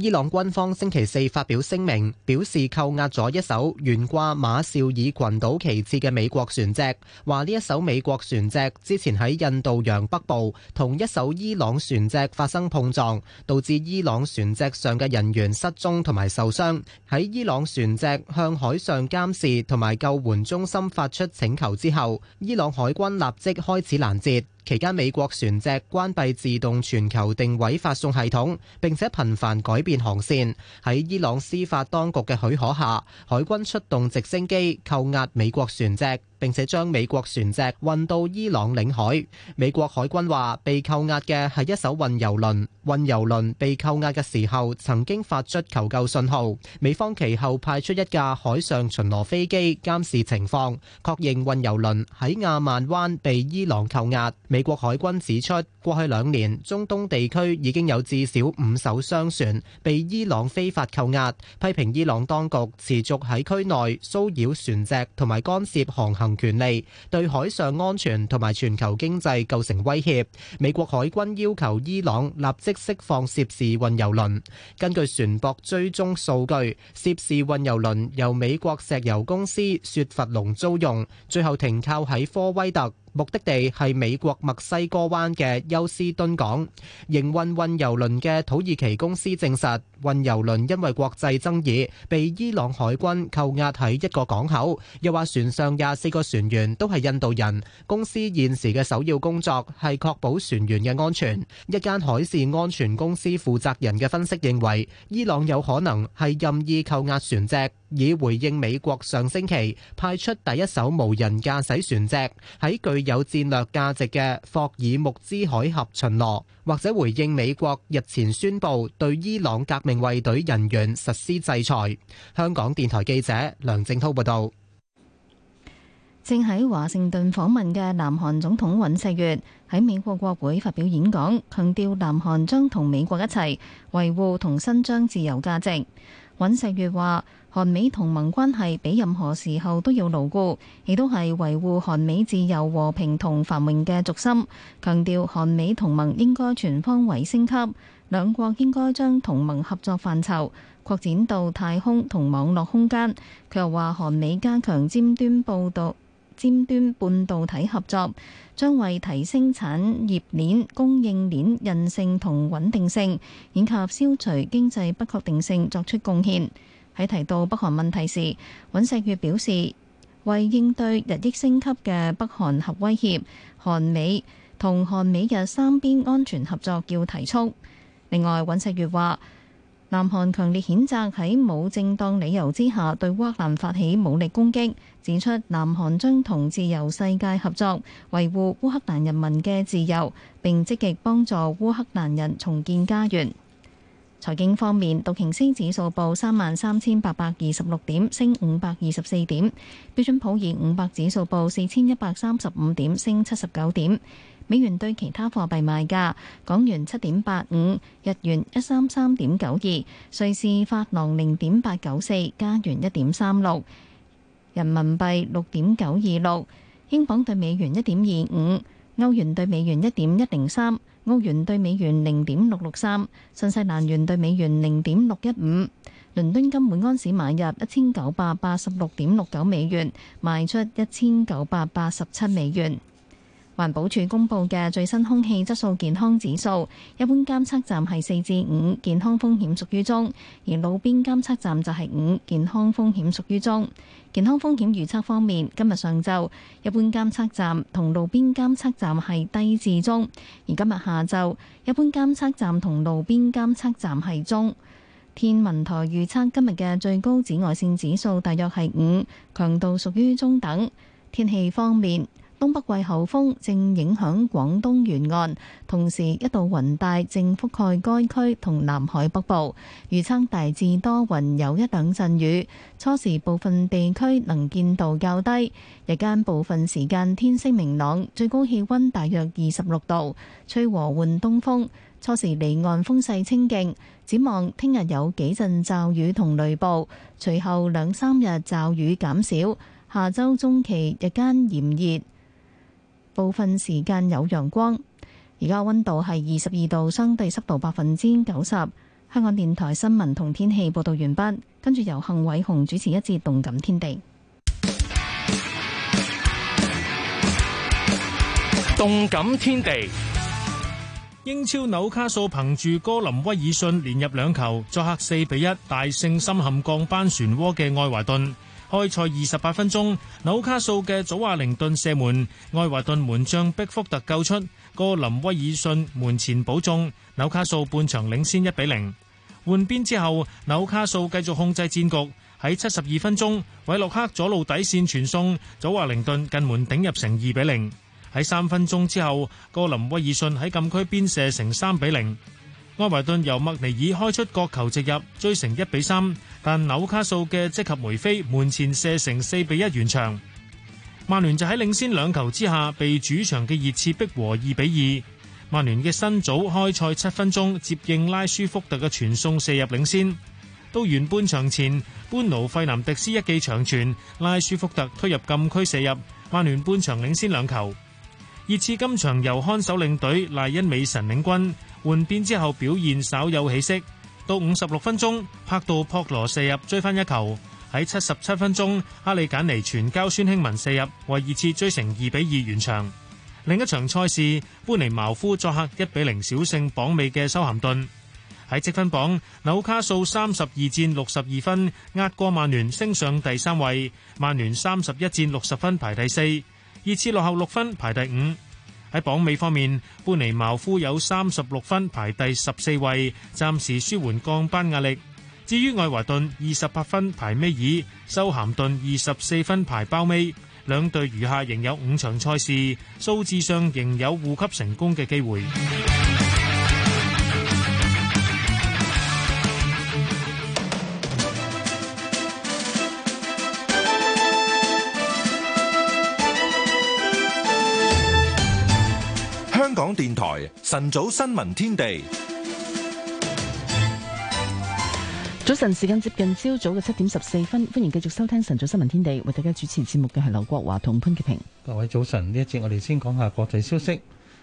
伊朗軍方星期四發表聲明，表示扣押咗一艘懸掛馬紹爾群島旗幟嘅美國船隻，話呢一艘美國船隻之前喺印度洋北部同一艘伊朗船隻發生碰撞，導致伊朗船隻上嘅人員失蹤同埋受傷。喺伊朗船隻向海上監視同埋救援中心發出請求之後，伊朗海軍立即開始攔截。期間美國船隻關閉自動全球定位發送系統，並且頻繁改變航線，喺伊朗司法當局嘅許可下，海軍出動直升機扣押美國船隻。並且將美國船隻運到伊朗領海。美國海軍話，被扣押嘅係一艘運油輪。運油輪被扣押嘅時候，曾經發出求救信號。美方其後派出一架海上巡邏飛機監視情況，確認運油輪喺亞曼灣被伊朗扣押。美國海軍指出，過去兩年，中東地區已經有至少五艘商船被伊朗非法扣押，批評伊朗當局持續喺區內騷擾船隻同埋干涉航行。權利對海上安全同埋全球經濟構成威脅。美國海軍要求伊朗立即釋放涉事運油輪。根據船舶追蹤數據，涉事運油輪由美國石油公司雪佛龍租用，最後停靠喺科威特。目的地係美國墨西哥灣嘅休斯敦港。營運運油輪嘅土耳其公司證實，運油輪因為國際爭議，被伊朗海軍扣押喺一個港口。又話船上廿四個船員都係印度人。公司現時嘅首要工作係確保船員嘅安全。一間海事安全公司負責人嘅分析認為，伊朗有可能係任意扣押船隻。以回應美國上星期派出第一艘無人駕駛船隻喺具有戰略價值嘅霍爾木茲海峽巡邏，或者回應美國日前宣布對伊朗革命衛隊人員實施制裁。香港電台記者梁正濤報道。正喺華盛頓訪問嘅南韓總統尹錫悅喺美國國會發表演講，強調南韓將同美國一齊維護同伸張自由價值。尹錫悅話。韓美同盟關係比任何時候都要牢固，亦都係維護韓美自由、和平同繁榮嘅軸心。強調韓美同盟應該全方位升級，兩國應該將同盟合作範疇擴展到太空同網絡空間。佢又話，韓美加強尖端報導、尖端半導體合作，將為提升產業鏈供應鏈韌性同穩定性，以及消除經濟不確定性作出貢獻。喺提到北韓問題時，尹錫悅表示，為應對日益升級嘅北韓核威脅，韓美同韓美日三邊安全合作要提速。另外，尹錫悅話，南韓強烈譴責喺冇正當理由之下對烏克蘭發起武力攻擊，指出南韓將同自由世界合作，維護烏克蘭人民嘅自由，並積極幫助烏克蘭人重建家園。財經方面，道瓊斯指數報三萬三千八百二十六點，升五百二十四點；標準普爾五百指數報四千一百三十五點，升七十九點。美元對其他貨幣賣價：港元七點八五，日元一三三點九二，瑞士法郎零點八九四，加元一點三六，人民幣六點九二六，英鎊對美元一點二五，歐元對美元一點一零三。澳元對美元零點六六三，新西蘭元對美元零點六一五，倫敦金每安士買入一千九百八十六點六九美元，賣出一千九百八十七美元。環保署公布嘅最新空氣質素健康指數，一般監測站係四至五，健康風險屬於中；而路邊監測站就係五，健康風險屬於中。健康風險預測方面，今日上晝一般監測站同路邊監測站係低至中；而今日下晝一般監測站同路邊監測站係中。天文台預測今日嘅最高紫外線指數大約係五，強度屬於中等。天氣方面，東北季候風正影響廣東沿岸，同時一道雲帶正覆蓋該區同南海北部。預測大致多雲，有一兩陣雨。初時部分地區能見度較低，日間部分時間天色明朗，最高氣温大約二十六度，吹和緩東風。初時離岸風勢清勁。展望聽日有幾陣驟雨同雷暴，隨後兩三日驟雨減少。下周中期日間炎熱。部分時間有陽光，而家溫度係二十二度，相對濕度百分之九十。香港電台新聞同天氣報道完畢，跟住由幸偉雄主持一節動感天地。動感天地，天地英超紐卡素憑住哥林威爾遜連入兩球，作客四比一大勝深陷降班漩渦嘅愛華頓。開賽二十八分鐘，紐卡素嘅祖華靈頓射門，愛華頓門將碧福特救出。哥林威爾遜門前保中，紐卡素半場領先一比零。換邊之後，紐卡素繼續控制戰局。喺七十二分鐘，韋洛克左路底線傳送，祖華靈頓近門頂入成二比零。喺三分鐘之後，哥林威爾遜喺禁區邊射成三比零。安維頓由麥尼爾開出角球直入，追成一比三，但紐卡素嘅積及梅飛門前射成四比一完場。曼聯就喺領先兩球之下，被主場嘅熱刺逼和二比二。曼聯嘅新祖開賽七分鐘接應拉舒福特嘅傳送射入領先，到完半場前，班奴費南迪斯一記長傳，拉舒福特推入禁區射入，曼聯半場領先兩球。熱刺今場由看守領隊賴恩美神領軍。換邊之後表現稍有起色，到五十六分鐘柏度博羅射入追翻一球，喺七十七分鐘，哈利簡尼傳交孫興文射入，為熱刺追成二比二完場。另一場賽事，般尼茅夫作客一比零小勝榜尾嘅修咸頓。喺積分榜，紐卡素三十二戰六十二分，壓過曼聯升上第三位，曼聯三十一戰六十分排第四，熱刺落後六分排第五。喺榜尾方面，般尼茅夫有三十六分排第十四位，暫時舒緩降班壓力。至於愛華頓二十八分排尾二，修咸頓二十四分排包尾，兩隊餘下仍有五場賽事，數字上仍有護級成功嘅機會。港電台晨早新聞天地，早晨時間接近朝早嘅七點十四分，歡迎繼續收聽晨早新聞天地，為大家主持節目嘅係劉國華同潘潔平。各位早晨，呢一節我哋先講下國際消息。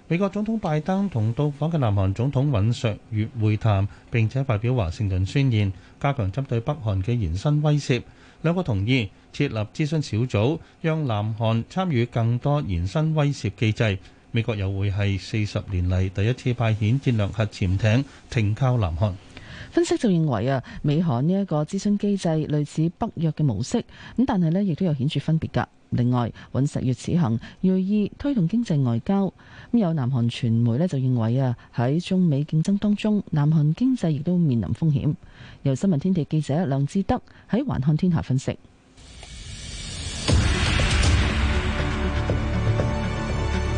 美國總統拜登同到訪嘅南韓總統尹錫悅會談，並且發表華盛頓宣言，加強針對北韓嘅延伸威懾。兩國同意設立諮詢小組，讓南韓參與更多延伸威懾機制。美國又會係四十年嚟第一次派遣戰略核潛艇停靠南韓。分析就認為啊，美韓呢一個諮詢機制類似北約嘅模式，咁但係呢亦都有顯著分別㗎。另外，尹錫悅此行銳意推動經濟外交。咁有南韓傳媒咧就認為啊，喺中美競爭當中，南韓經濟亦都面臨風險。由新聞天地記者梁志德喺環看天下分析。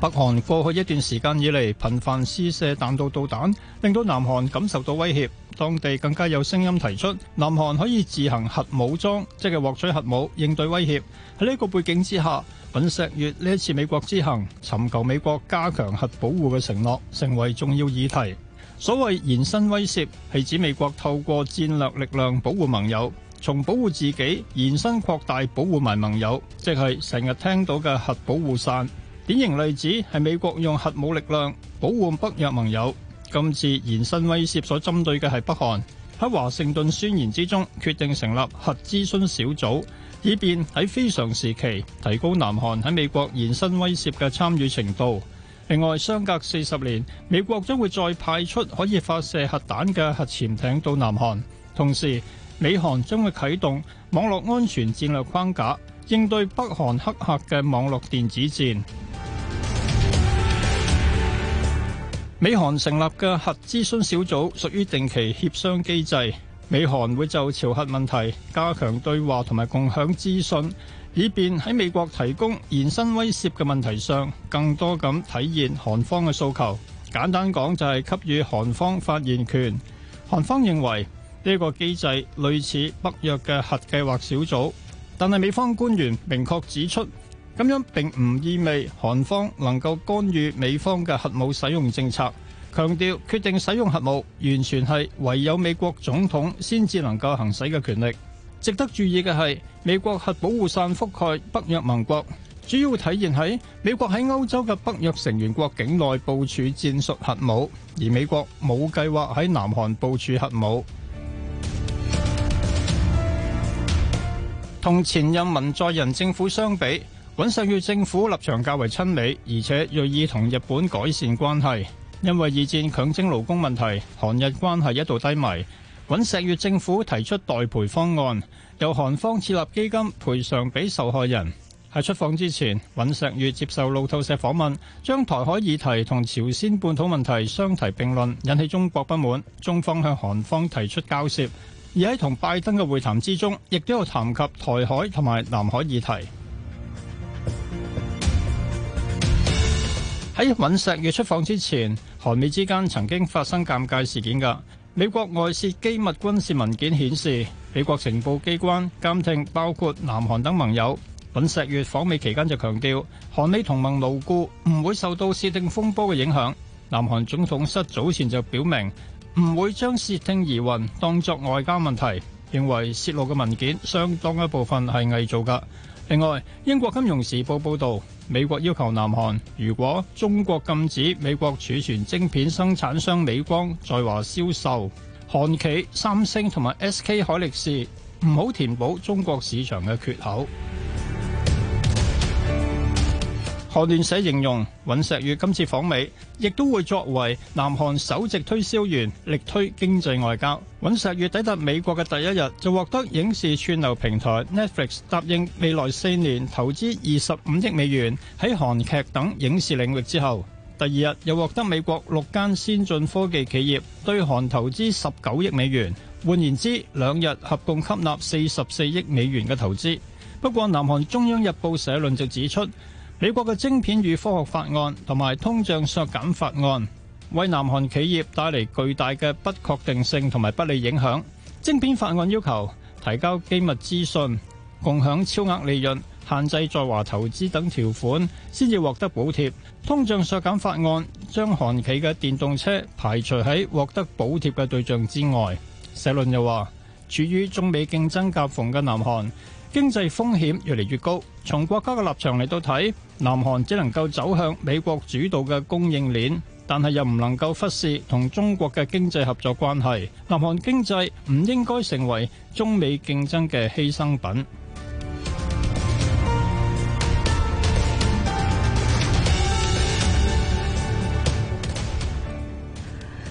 北韓過去一段時間以嚟頻繁試射彈道導彈，令到南韓感受到威脅。當地更加有聲音提出，南韓可以自行核武裝，即係獲取核武，應對威脅。喺呢個背景之下，尹錫悅呢一次美國之行，尋求美國加強核保護嘅承諾，成為重要議題。所謂延伸威懾，係指美國透過戰略力量保護盟友，從保護自己延伸擴大保護埋盟友，即係成日聽到嘅核保護傘。典型例子係美國用核武力量保護北約盟友。今次延伸威脅所針對嘅係北韓。喺華盛頓宣言之中，決定成立核諮詢小組，以便喺非常時期提高南韓喺美國延伸威脅嘅參與程度。另外，相隔四十年，美國將會再派出可以發射核彈嘅核潛艇到南韓，同時美韓將會啟動網絡安全戰略框架，應對北韓黑客嘅網絡電子戰。美韓成立嘅核諮詢小組屬於定期協商機制，美韓會就朝核問題加強對話同埋共享資訊，以便喺美國提供延伸威懾嘅問題上，更多咁體現韓方嘅訴求。簡單講就係給予韓方發言權。韓方認為呢個機制類似北約嘅核計劃小組，但係美方官員明確指出。咁樣並唔意味韓方能夠干預美方嘅核武使用政策，強調決定使用核武完全係唯有美國總統先至能夠行使嘅權力。值得注意嘅係，美國核保護傘覆蓋北約盟國，主要體現喺美國喺歐洲嘅北約成員國境內部署戰術核武，而美國冇計劃喺南韓部署核武。同前任文在寅政府相比，尹錫悅政府立場較為親美，而且銳意同日本改善關係，因為二戰強徵勞工問題，韓日關係一度低迷。尹錫悅政府提出代賠方案，由韓方設立基金賠償俾受害人。喺出訪之前，尹錫悅接受路透社訪問，將台海議題同朝鮮半島問題相提並論，引起中國不滿，中方向韓方提出交涉，而喺同拜登嘅會談之中，亦都有談及台海同埋南海議題。喺尹錫悅出訪之前，韓美之間曾經發生尷尬事件噶。美國外洩機密軍事文件顯示，美國情報機關監聽包括南韓等盟友。尹錫悅訪美期間就強調，韓美同盟牢固，唔會受到竊聽風波嘅影響。南韓總統室早前就表明，唔會將竊聽疑雲當作外交問題，認為洩露嘅文件相當一部分係偽造噶。另外，《英國金融時報》報導，美國要求南韓，如果中國禁止美國儲存晶片生產商美光在華銷售，韓企三星同埋 SK 海力士唔好填補中國市場嘅缺口。韓聯社形容尹錫悅今次訪美，亦都會作為南韓首席推銷員，力推經濟外交。尹錫悅抵達美國嘅第一日就獲得影視串流平台 Netflix 答應未來四年投資二十五億美元喺韓劇等影視領域之後，第二日又獲得美國六間先進科技企業對韓投資十九億美元。換言之，兩日合共吸納四十四億美元嘅投資。不過南韓，南韓中央日報社論就指出，美國嘅晶片與科學法案同埋通脹削減法案，為南韓企業帶嚟巨大嘅不確定性同埋不利影響。晶片法案要求提交機密資訊、共享超額利潤、限制在華投資等條款，先至獲得補貼。通脹削減法案將韓企嘅電動車排除喺獲得補貼嘅對象之外。社論又話，處於中美競爭夾縫嘅南韓，經濟風險越嚟越高。從國家嘅立場嚟到睇。南韓只能夠走向美國主導嘅供應鏈，但係又唔能夠忽視同中國嘅經濟合作關係。南韓經濟唔應該成為中美競爭嘅犧牲品。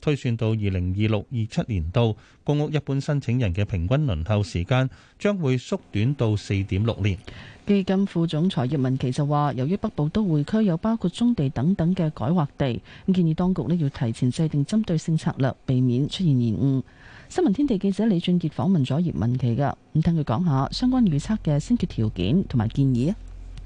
推算到二零二六、二七年度公屋一般申請人嘅平均輪候時間將會縮短到四點六年。基金副總裁葉文琪就話，由於北部都會區有包括棕地等等嘅改劃地，建議當局呢要提前制定針對性策略，避免出現延誤。新聞天地記者李俊杰訪問咗葉文琪噶咁聽佢講下相關預測嘅先決條件同埋建議。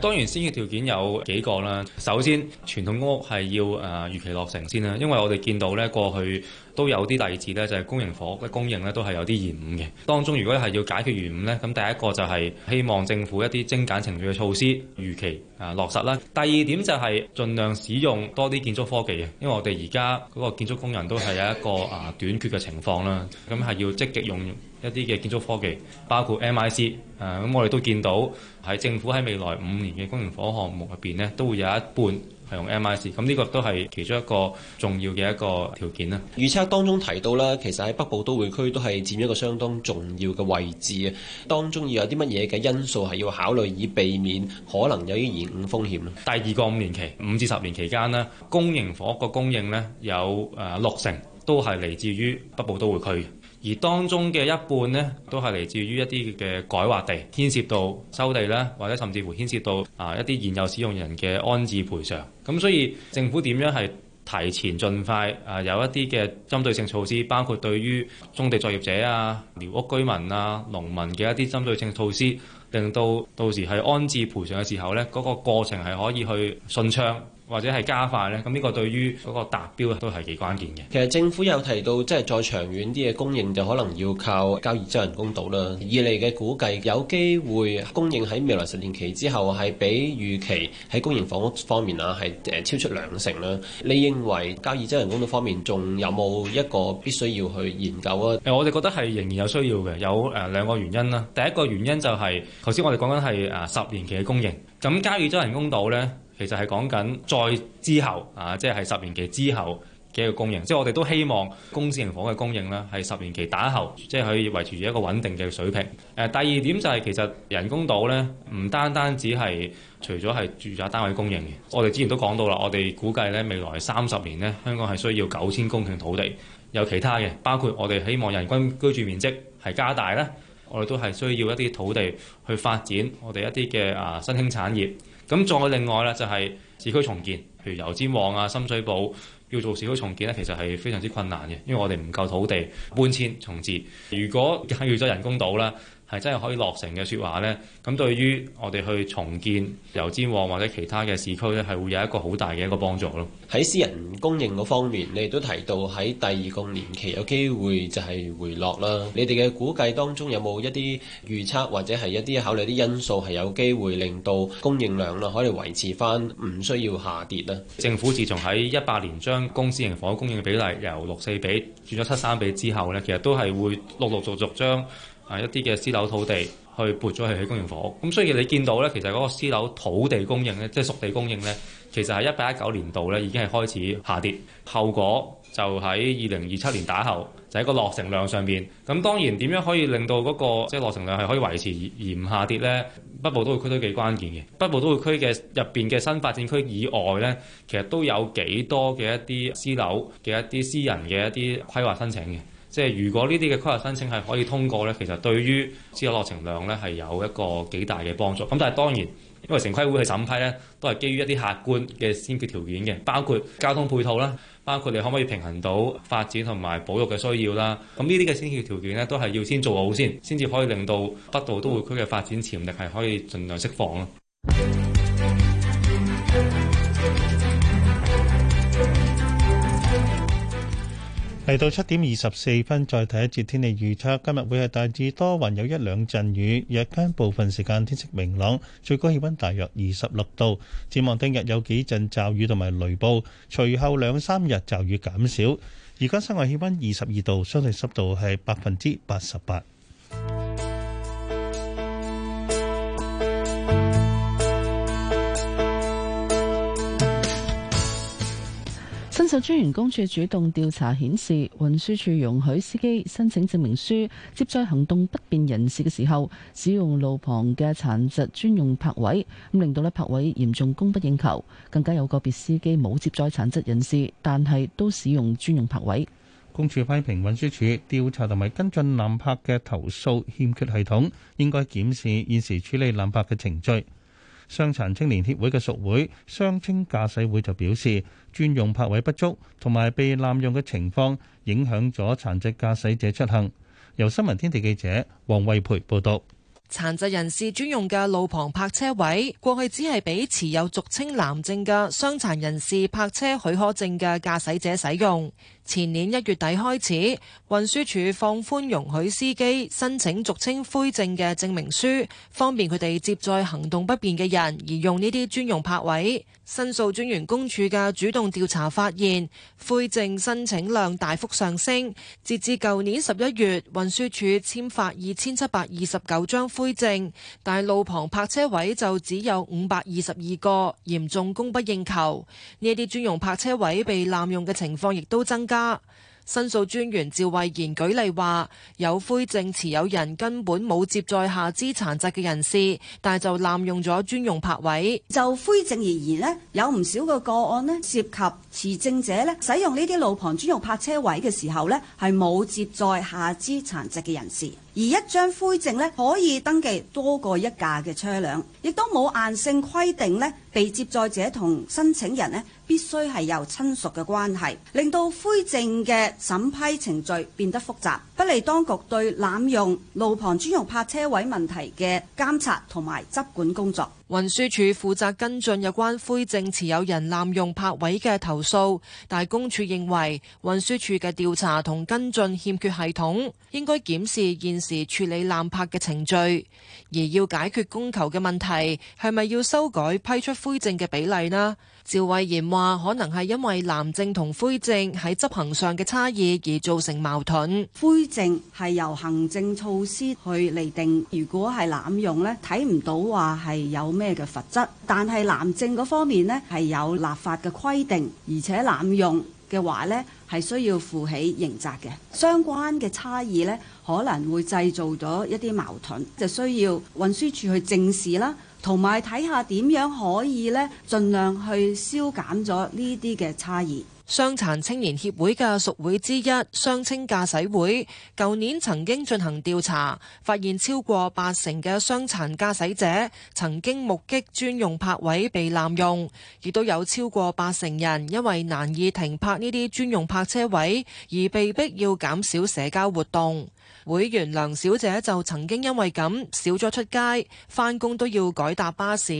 當然，先決條件有幾個啦。首先，傳統屋係要誒、呃、如期落成先啦。因為我哋見到咧過去都有啲例子咧，就係公營房屋嘅供應咧都係有啲延誤嘅。當中如果係要解決延誤咧，咁第一個就係希望政府一啲精簡程序嘅措施如期誒、呃、落實啦。第二點就係盡量使用多啲建築科技嘅，因為我哋而家嗰個建築工人都係有一個啊、呃、短缺嘅情況啦。咁係要積極用。一啲嘅建築科技，包括 M I C，誒、啊、咁我哋都見到喺政府喺未來五年嘅公營房屋項目入邊呢，都會有一半係用 M I C，咁、啊、呢、這個都係其中一個重要嘅一個條件啦。預測當中提到啦，其實喺北部都會區都係佔一個相當重要嘅位置啊。當中要有啲乜嘢嘅因素係要考慮，以避免可能有啲延誤風險。第二個五年期，五至十年期間呢，公營房屋個供應呢有誒六成都係嚟自於北部都會區。而當中嘅一半咧，都係嚟自於一啲嘅改劃地，牽涉到收地咧，或者甚至乎牽涉到啊一啲現有使用人嘅安置賠償。咁所以政府點樣係提前盡快啊，有一啲嘅針對性措施，包括對於棕地作業者啊、寮屋居民啊、農民嘅一啲針對性措施，令到到時係安置賠償嘅時候呢嗰、嗰個過程係可以去順暢。或者係加快呢，咁呢個對於嗰個達標啊，都係幾關鍵嘅。其實政府有提到，即係再長遠啲嘅供應就可能要靠交椅洲人工島啦。以嚟嘅估計，有機會供應喺未來十年期之後係比預期喺公營房屋方面啊，係誒超出兩成啦。你認為交椅洲人工島方面仲有冇一個必須要去研究啊？誒、呃，我哋覺得係仍然有需要嘅，有誒兩、呃、個原因啦。第一個原因就係頭先我哋講緊係誒十年期嘅供應，咁交椅洲人工島呢？其實係講緊再之後啊，即係十年期之後嘅一個供應，即係我哋都希望公私營房嘅供應呢，係十年期打後，即係可以維持住一個穩定嘅水平。誒、呃，第二點就係、是、其實人工島呢，唔單單只係除咗係住宅單位供應嘅，我哋之前都講到啦，我哋估計呢未來三十年呢，香港係需要九千公頃土地，有其他嘅，包括我哋希望人均居住面積係加大咧，我哋都係需要一啲土地去發展我哋一啲嘅啊新興產業。咁再另外咧就係市區重建，譬如油尖旺啊、深水埗要做市區重建咧，其實係非常之困難嘅，因為我哋唔夠土地，搬遷重置，如果加入咗人工島啦，係真係可以落成嘅説話呢。咁對於我哋去重建油尖旺或者其他嘅市區呢，係會有一個好大嘅一個幫助咯。喺私人供應嗰方面，你哋都提到喺第二個年期有機會就係回落啦。你哋嘅估計當中有冇一啲預測，或者係一啲考慮啲因素，係有機會令到供應量啦可以維持翻，唔需要下跌咧？政府自從喺一八年將公私營房屋供應嘅比例由六四比轉咗七三比之後呢，其實都係會陸陸續續將啊！一啲嘅私樓土地去撥咗去起公營房屋，咁所以你見到咧，其實嗰個私樓土地供應咧，即係熟地供應咧，其實係一八一九年度咧已經係開始下跌，後果就喺二零二七年打後就喺個落成量上邊。咁當然點樣可以令到嗰個即係落成量係可以維持而唔下跌咧？北部都會區都幾關鍵嘅，北部都會區嘅入邊嘅新發展區以外咧，其實都有幾多嘅一啲私樓嘅一啲私人嘅一啲規劃申請嘅。即係如果呢啲嘅規劃申請係可以通過呢，其實對於資產落成量呢係有一個幾大嘅幫助。咁但係當然，因為城規會嘅審批呢都係基於一啲客觀嘅先決條件嘅，包括交通配套啦，包括你可唔可以平衡到發展同埋保育嘅需要啦。咁呢啲嘅先決條件呢都係要先做好先，先至可以令到北道都會區嘅發展潛力係可以盡量釋放咯。嚟到七點二十四分，再睇一節天氣預測。今日會係大致多雲，有一兩陣雨。日間部分時間天色明朗，最高氣溫大約二十六度。展望聽日有幾陣驟雨同埋雷暴，隨後兩三日驟雨減少。而家室外氣溫二十二度，相對濕度係百分之八十八。接受專員公署主動調查顯示，運輸處容許司機申請證明書，接載行動不便人士嘅時候，使用路旁嘅殘疾專用泊位，咁令到呢泊位嚴重供不應求，更加有個別司機冇接載殘疾人士，但係都使用專用泊位。公署批評運輸處調查同埋跟進濫泊嘅投訴欠缺系統，應該檢視現時處理濫泊嘅程序。傷殘青年協會嘅屬會傷青駕駛會就表示，專用泊位不足同埋被濫用嘅情況，影響咗殘疾駕駛者出行。由新聞天地記者王惠培報道。殘疾人士專用嘅路旁泊車位，過去只係俾持有俗稱藍證嘅傷殘人士泊車許可證嘅駕駛者使用。前年一月底開始，運輸署放寬容許司機申請俗稱灰證嘅證明書，方便佢哋接載行動不便嘅人，而用呢啲專用泊位。申訴專員公署嘅主動調查發現，灰證申請量大幅上升。截至舊年十一月，運輸署簽發二千七百二十九張灰證，但路旁泊車位就只有五百二十二個，嚴重供不應求。呢啲專用泊車位被濫用嘅情況亦都增加。申訴專員趙慧賢舉例話，有灰證持有人根本冇接載下肢殘疾嘅人士，但係就濫用咗專用泊位。就灰證而言咧，有唔少嘅個個案咧，涉及持證者咧使用呢啲路旁專用泊車位嘅時候咧，係冇接載下肢殘疾嘅人士。而一張灰證咧，可以登記多過一架嘅車輛，亦都冇硬性規定咧，被接載者同申請人咧必須係有親屬嘅關係，令到灰證嘅審批程序變得複雜，不利當局對濫用路旁專用泊車位問題嘅監察同埋執管工作。運輸署負責跟進有關灰證持有人濫用泊位嘅投訴，大公署認為運輸署嘅調查同跟進欠缺系統，應該檢視現時處理濫泊嘅程序，而要解決供求嘅問題，係咪要修改批出灰證嘅比例呢？趙慧賢話，可能係因為藍證同灰證，喺執行上嘅差異而造成矛盾。灰證係由行政措施去釐定，如果係濫用呢，睇唔到話係有咩嘅罰則。但係藍證嗰方面呢，係有立法嘅規定，而且濫用嘅話呢，係需要負起刑責嘅。相關嘅差異呢，可能會製造咗一啲矛盾，就需要運輸署去正視啦。同埋睇下點樣可以咧，盡量去消減咗呢啲嘅差異。傷殘青年協會嘅屬會之一，傷青駕駛會，舊年曾經進行調查，發現超過八成嘅傷殘駕駛者曾經目擊專用泊位被濫用，亦都有超過八成人因為難以停泊呢啲專用泊車位，而被逼要減少社交活動。會員梁小姐就曾經因為咁少咗出街，翻工都要改搭巴士。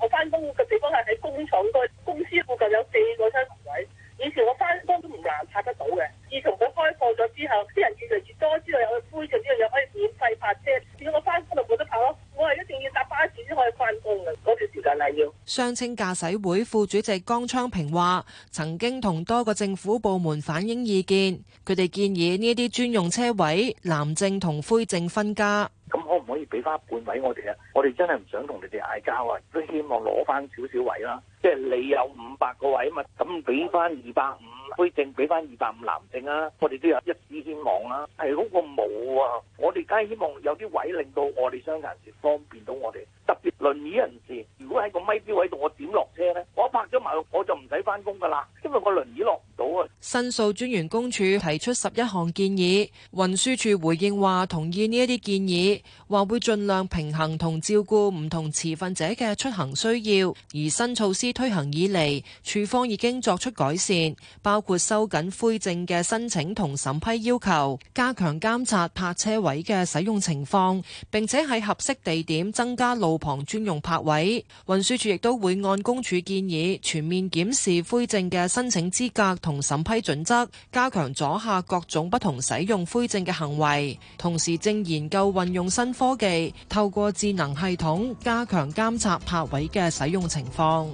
我翻工嘅地方係喺工廠嗰個公司附近有四個車位，以前我翻工都唔難泊得到嘅。自從佢開放咗之後，啲人越嚟越多之後，知道有灰色，呢樣嘢，可以免費泊車，所以我翻工就冇得泊咯。一定要搭巴士先可以翻工，嗰段時間啦要。雙清駕駛會副主席江昌平話，曾經同多個政府部門反映意見，佢哋建議呢啲專用車位藍證同灰證分家。咁可唔可以俾翻半位我哋啊？我哋真係唔想同你哋嗌交啊！都希望攞翻少少位啦，即係你有五百個位啊嘛，咁俾翻二百五。配證俾翻二百五男性啊，我哋都有一絲希望啦，係好過冇啊，我哋梗係希望有啲位令到我哋傷殘時方便到我哋。 [MUSIC] 特別輪椅人士，如果喺個咪錶位度，我點落車呢？我拍咗埋，我就唔使翻工噶啦，因為個輪椅落唔到啊！申訴專員公署提出十一項建議，運輸署回應話同意呢一啲建議，話會盡量平衡同照顧唔同持份者嘅出行需要。而新措施推行以嚟，署方已經作出改善，包括收緊灰證嘅申請同審批要求，加強監察泊車位嘅使用情況，並且喺合適地點增加路。路旁專用泊位，運輸署亦都會按公署建議，全面檢視灰證嘅申請資格同審批準則，加強阻嚇各種不同使用灰證嘅行為。同時正研究運用新科技，透過智能系統加強監察泊位嘅使用情況。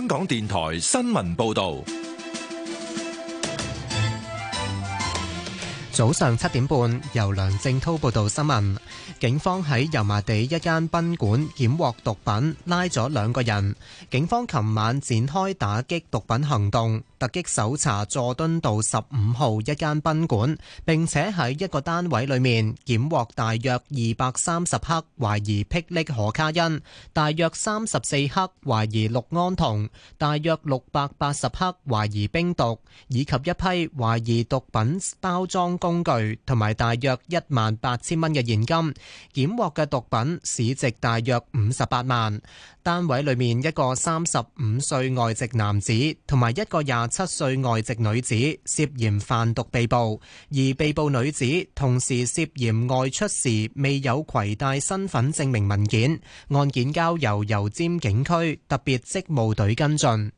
香港電台新聞報道，早上七點半，由梁正濤報道新聞。警方喺油麻地一間賓館檢獲毒品，拉咗兩個人。警方琴晚展開打擊毒品行動。突擊搜查佐敦道十五號一間賓館，並且喺一個單位裏面檢獲大約二百三十克懷疑霹靂可卡因，大約三十四克懷疑氯胺酮，大約六百八十克懷疑冰毒，以及一批懷疑毒品包裝工具，同埋大約一萬八千蚊嘅現金。檢獲嘅毒品市值大約五十八萬。單位裏面一個三十五歲外籍男子同埋一個廿七歲外籍女子涉嫌販毒被捕，而被捕女子同時涉嫌外出時未有攜帶身份證明文件，案件交由油尖警區特別職務隊跟進。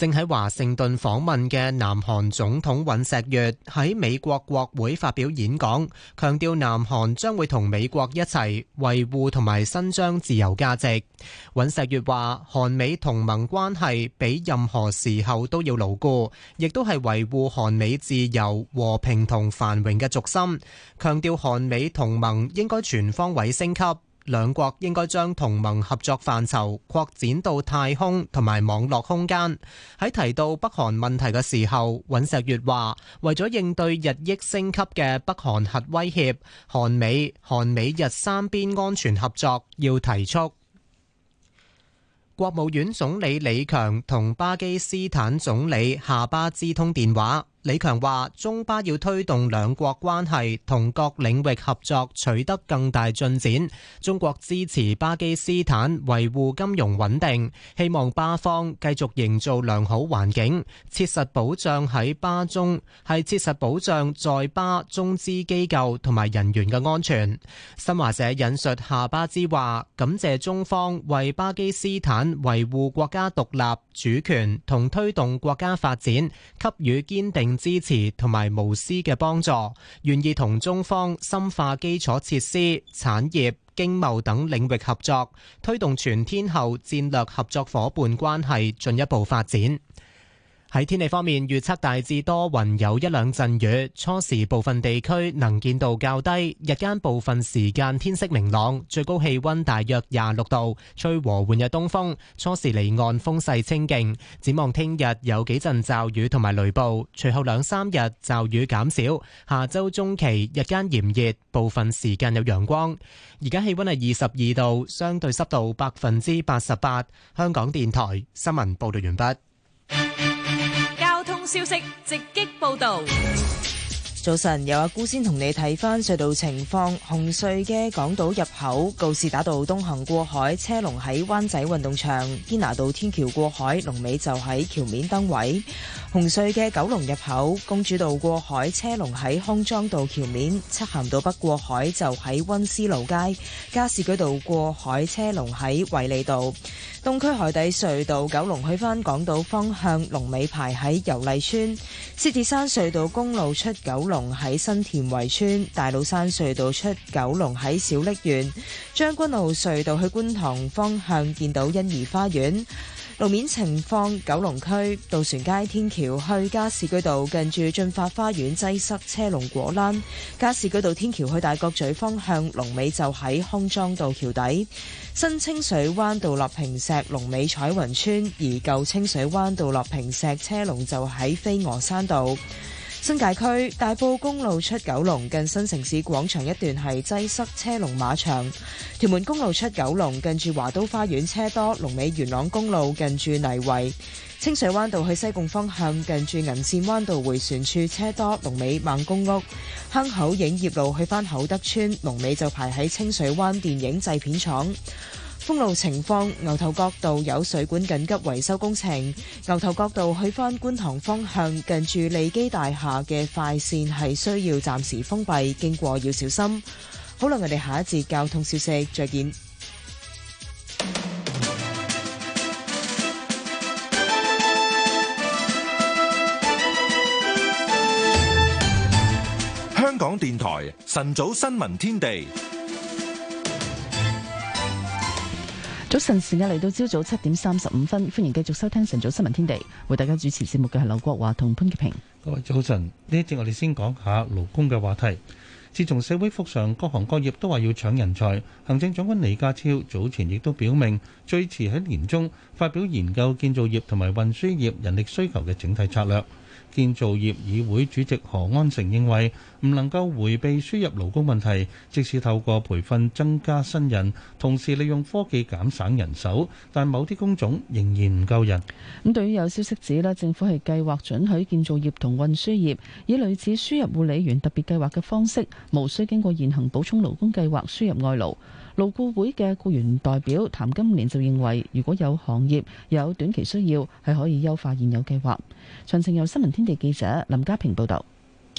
正喺華盛頓訪問嘅南韓總統尹錫悅喺美國國會發表演講，強調南韓將會同美國一齊維護同埋伸張自由價值。尹錫悅話：韓美同盟關係比任何時候都要牢固，亦都係維護韓美自由、和平同繁榮嘅軸心。強調韓美同盟應該全方位升級。兩國應該將同盟合作範疇擴展到太空同埋網絡空間。喺提到北韓問題嘅時候，尹錫悅話：為咗應對日益升級嘅北韓核威脅，韓美韓美日三邊安全合作要提速。國務院總理李強同巴基斯坦總理夏巴茲通電話。李強話：中巴要推動兩國關係同各領域合作取得更大進展。中國支持巴基斯坦維護金融穩定，希望巴方繼續營造良好環境，切實保障喺巴中係切實保障在巴中資機構同埋人員嘅安全。新華社引述夏巴茲話：感謝中方為巴基斯坦維護國家獨立主權同推動國家發展給予堅定。支持同埋無私嘅幫助，願意同中方深化基礎設施、產業、經貿等領域合作，推動全天候戰略合作伙伴關係進一步發展。喺天氣方面，預測大致多雲，有一兩陣雨。初時部分地區能見度較低，日間部分時間天色明朗，最高氣溫大約廿六度，吹和緩嘅東風。初時離岸風勢清勁。展望聽日有幾陣驟雨同埋雷暴，隨後兩三日驟雨減少。下周中期日間炎熱，部分時間有陽光。而家氣溫係二十二度，相對濕度百分之八十八。香港電台新聞報道完畢。消息直擊報道。早晨，有阿姑先同你睇翻隧道情況。紅隧嘅港島入口告士打道東行過海，車龍喺灣仔運動場；堅拿道天橋過海，龍尾就喺橋面燈位。紅隧嘅九龍入口公主道過海，車龍喺康莊道橋面；漆咸道北過海就喺溫思勞街；加士居道過海，車龍喺衛理道。東區海底隧道九龍去返港島方向龍尾排喺油麗村，獅子山隧道公路出九龍喺新田圍村，大老山隧道出九龍喺小瀝源，將軍澳隧道去觀塘方向見到欣怡花園。路面情況：九龍區渡船街天橋去加士居道，近住進發花園擠塞車龍果欄；加士居道天橋去大角咀方向龍尾就喺康莊道橋底；新清水灣道立坪石龍尾彩雲村，而舊清水灣道立坪石車龍就喺飛鵝山道。新界區大埔公路出九龍近新城市廣場一段係擠塞車龍馬長，屯門公路出九龍近住華都花園車多，龍尾元朗公路近住泥圍，清水灣道去西貢方向近住銀線灣道迴旋處車多，龍尾孟公屋，坑口影業路去返厚德村龍尾就排喺清水灣電影製片廠。封路情況，牛頭角道有水管緊急維修工程。牛頭角道去返觀塘方向，近住利基大廈嘅快線係需要暫時封閉，經過要小心。好啦，我哋下一節交通消息再見。香港電台晨早新聞天地。晨時啊，嚟到朝早七點三十五分，歡迎繼續收聽晨早新聞天地。為大家主持節目嘅係劉國華同潘潔平。各位早晨，呢一節我哋先講下勞工嘅話題。自從社會復常，各行各業都話要搶人才。行政長官李家超早前亦都表明，最遲喺年中發表研究建造業同埋運輸業人力需求嘅整體策略。建造業議會主席何安成認為，唔能夠回避輸入勞工問題，即使透過培訓增加新人，同時利用科技減省人手，但某啲工種仍然唔夠人。咁對於有消息指咧，政府係計劃准許建造業同運輸業以類似輸入護理員特別計劃嘅方式，無需經過現行補充勞工計劃輸入外勞。勞僱會嘅僱員代表譚金蓮就認為，如果有行業有短期需要，係可以優化現有計劃。詳情由新聞天地記者林家平報道。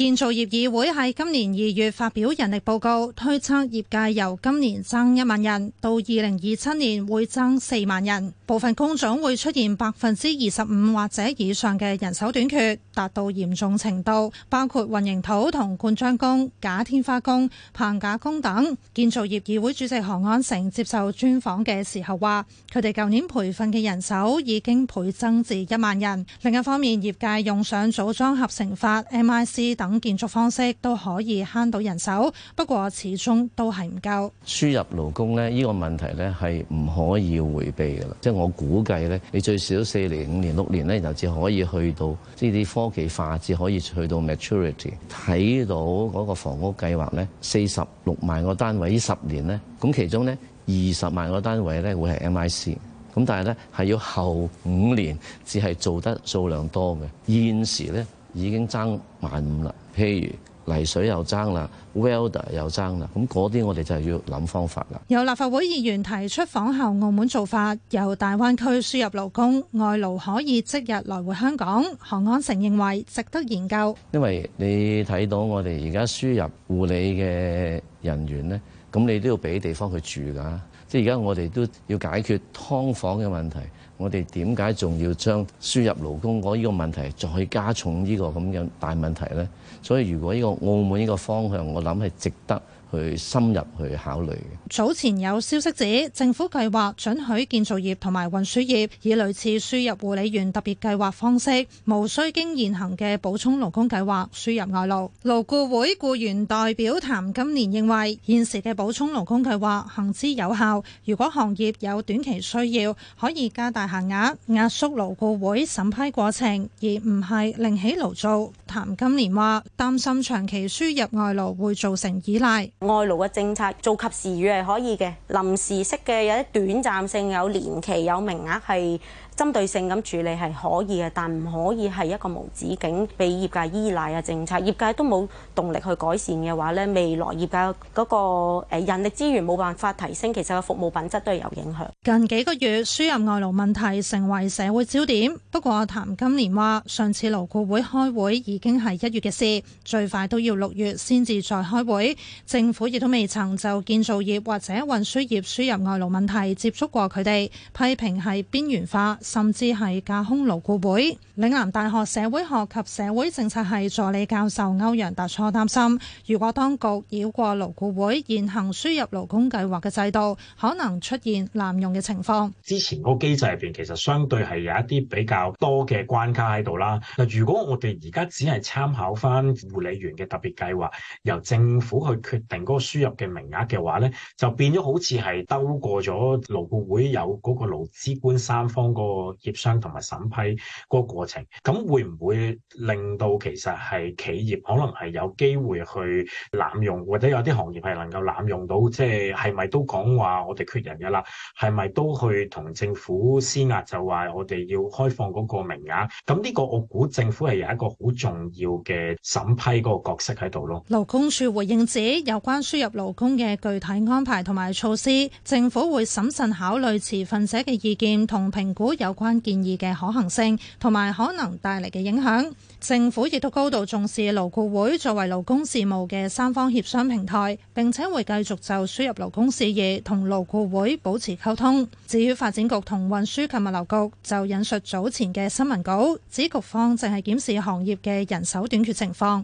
建造業議會喺今年二月發表人力報告，推測業界由今年增一萬人到二零二七年會增四萬人，部分工種會出現百分之二十五或者以上嘅人手短缺，達到嚴重程度，包括混凝土同灌漿工、假天花工、棚架工等。建造業議會主席何安成接受專訪嘅時候話，佢哋舊年培訓嘅人手已經倍增至一萬人。另一方面，業界用上組裝合成法 （MIC） 等。建築方式都可以慳到人手，不過始終都係唔夠輸入勞工咧。依個問題咧係唔可以回避嘅啦。即係我估計咧，你最少四年、五年、六年咧就只可以去到即係啲科技化，只可以去到 maturity。睇到嗰個房屋計劃咧，四十六萬個單位，依十年咧，咁其中咧二十萬個單位咧會係 MIC。咁但係咧係要後五年只係做得數量多嘅。現時咧。已經爭萬五啦，譬如泥水又爭啦 Welder 又爭啦，咁嗰啲我哋就係要諗方法啦。有立法會議員提出仿效澳門做法，由大灣區輸入勞工，外勞可以即日來回香港。何安成認為值得研究，因為你睇到我哋而家輸入護理嘅人員呢，咁你都要俾地方佢住㗎，即係而家我哋都要解決劏房嘅問題。我哋點解仲要將輸入勞工嗰呢個問題再加重呢個咁樣大問題咧？所以如果呢個澳門呢個方向，我諗係值得，去深入去考慮。早前有消息指，政府計劃准許建造業同埋運輸業以類似輸入護理員特別計劃方式，無需經現行嘅補充勞工計劃輸入外勞。勞顧會僱員代表譚金蓮認為現時嘅補充勞工計劃行之有效。如果行業有短期需要，可以加大限額壓縮勞顧會審批過程，而唔係另起爐灶。譚金蓮話擔心長期輸入外勞會造成依賴。外勞嘅政策做及時雨係可以嘅，臨時式嘅有啲短暫性，有年期，有名額係。針對性咁處理係可以嘅，但唔可以係一個無止境被業界依賴啊政策，業界都冇動力去改善嘅話咧，未來業界嗰個人力資源冇辦法提升，其實個服務品質都係有影響。近幾個月輸入外勞問題成為社會焦點，不過譚金蓮話上次勞顧會開會已經係一月嘅事，最快都要六月先至再開會。政府亦都未曾就建造業或者運輸業輸入外勞問題接觸過佢哋，批評係邊緣化。甚至係架空勞顧會。嶺南大學社會學及社會政策系助理教授歐陽達初擔心，如果當局繞過勞顧會現行輸入勞工計劃嘅制度，可能出現濫用嘅情況。之前個機制入邊其實相對係有一啲比較多嘅關卡喺度啦。嗱，如果我哋而家只係參考翻護理員嘅特別計劃，由政府去決定嗰個輸入嘅名額嘅話咧，就變咗好似係兜過咗勞顧會有嗰個勞資官三方個個協商同埋審批個過程，咁會唔會令到其實係企業可能係有機會去濫用，或者有啲行業係能夠濫用到？即係係咪都講話我哋缺人嘅啦？係咪都去同政府施壓，就話我哋要開放嗰個名額？咁呢個我估政府係有一個好重要嘅審批個角色喺度咯。勞工處回應指，有關輸入勞工嘅具體安排同埋措施，政府會審慎考慮持份者嘅意見同評估。有關建議嘅可行性同埋可能帶嚟嘅影響，政府亦都高度重視勞顧會作為勞工事務嘅三方協商平台，並且會繼續就輸入勞工事宜同勞顧會保持溝通。至於發展局同運輸及物流局就引述早前嘅新聞稿，指局方淨係檢視行業嘅人手短缺情況。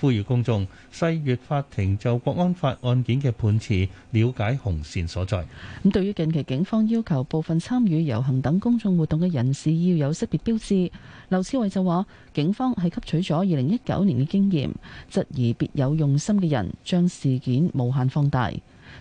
呼籲公眾，細閱法庭就國安法案件嘅判詞，了解紅線所在。咁對於近期警方要求部分參與遊行等公眾活動嘅人士要有識別標誌，劉賜蕙就話：警方係吸取咗二零一九年嘅經驗，質疑別有用心嘅人將事件無限放大。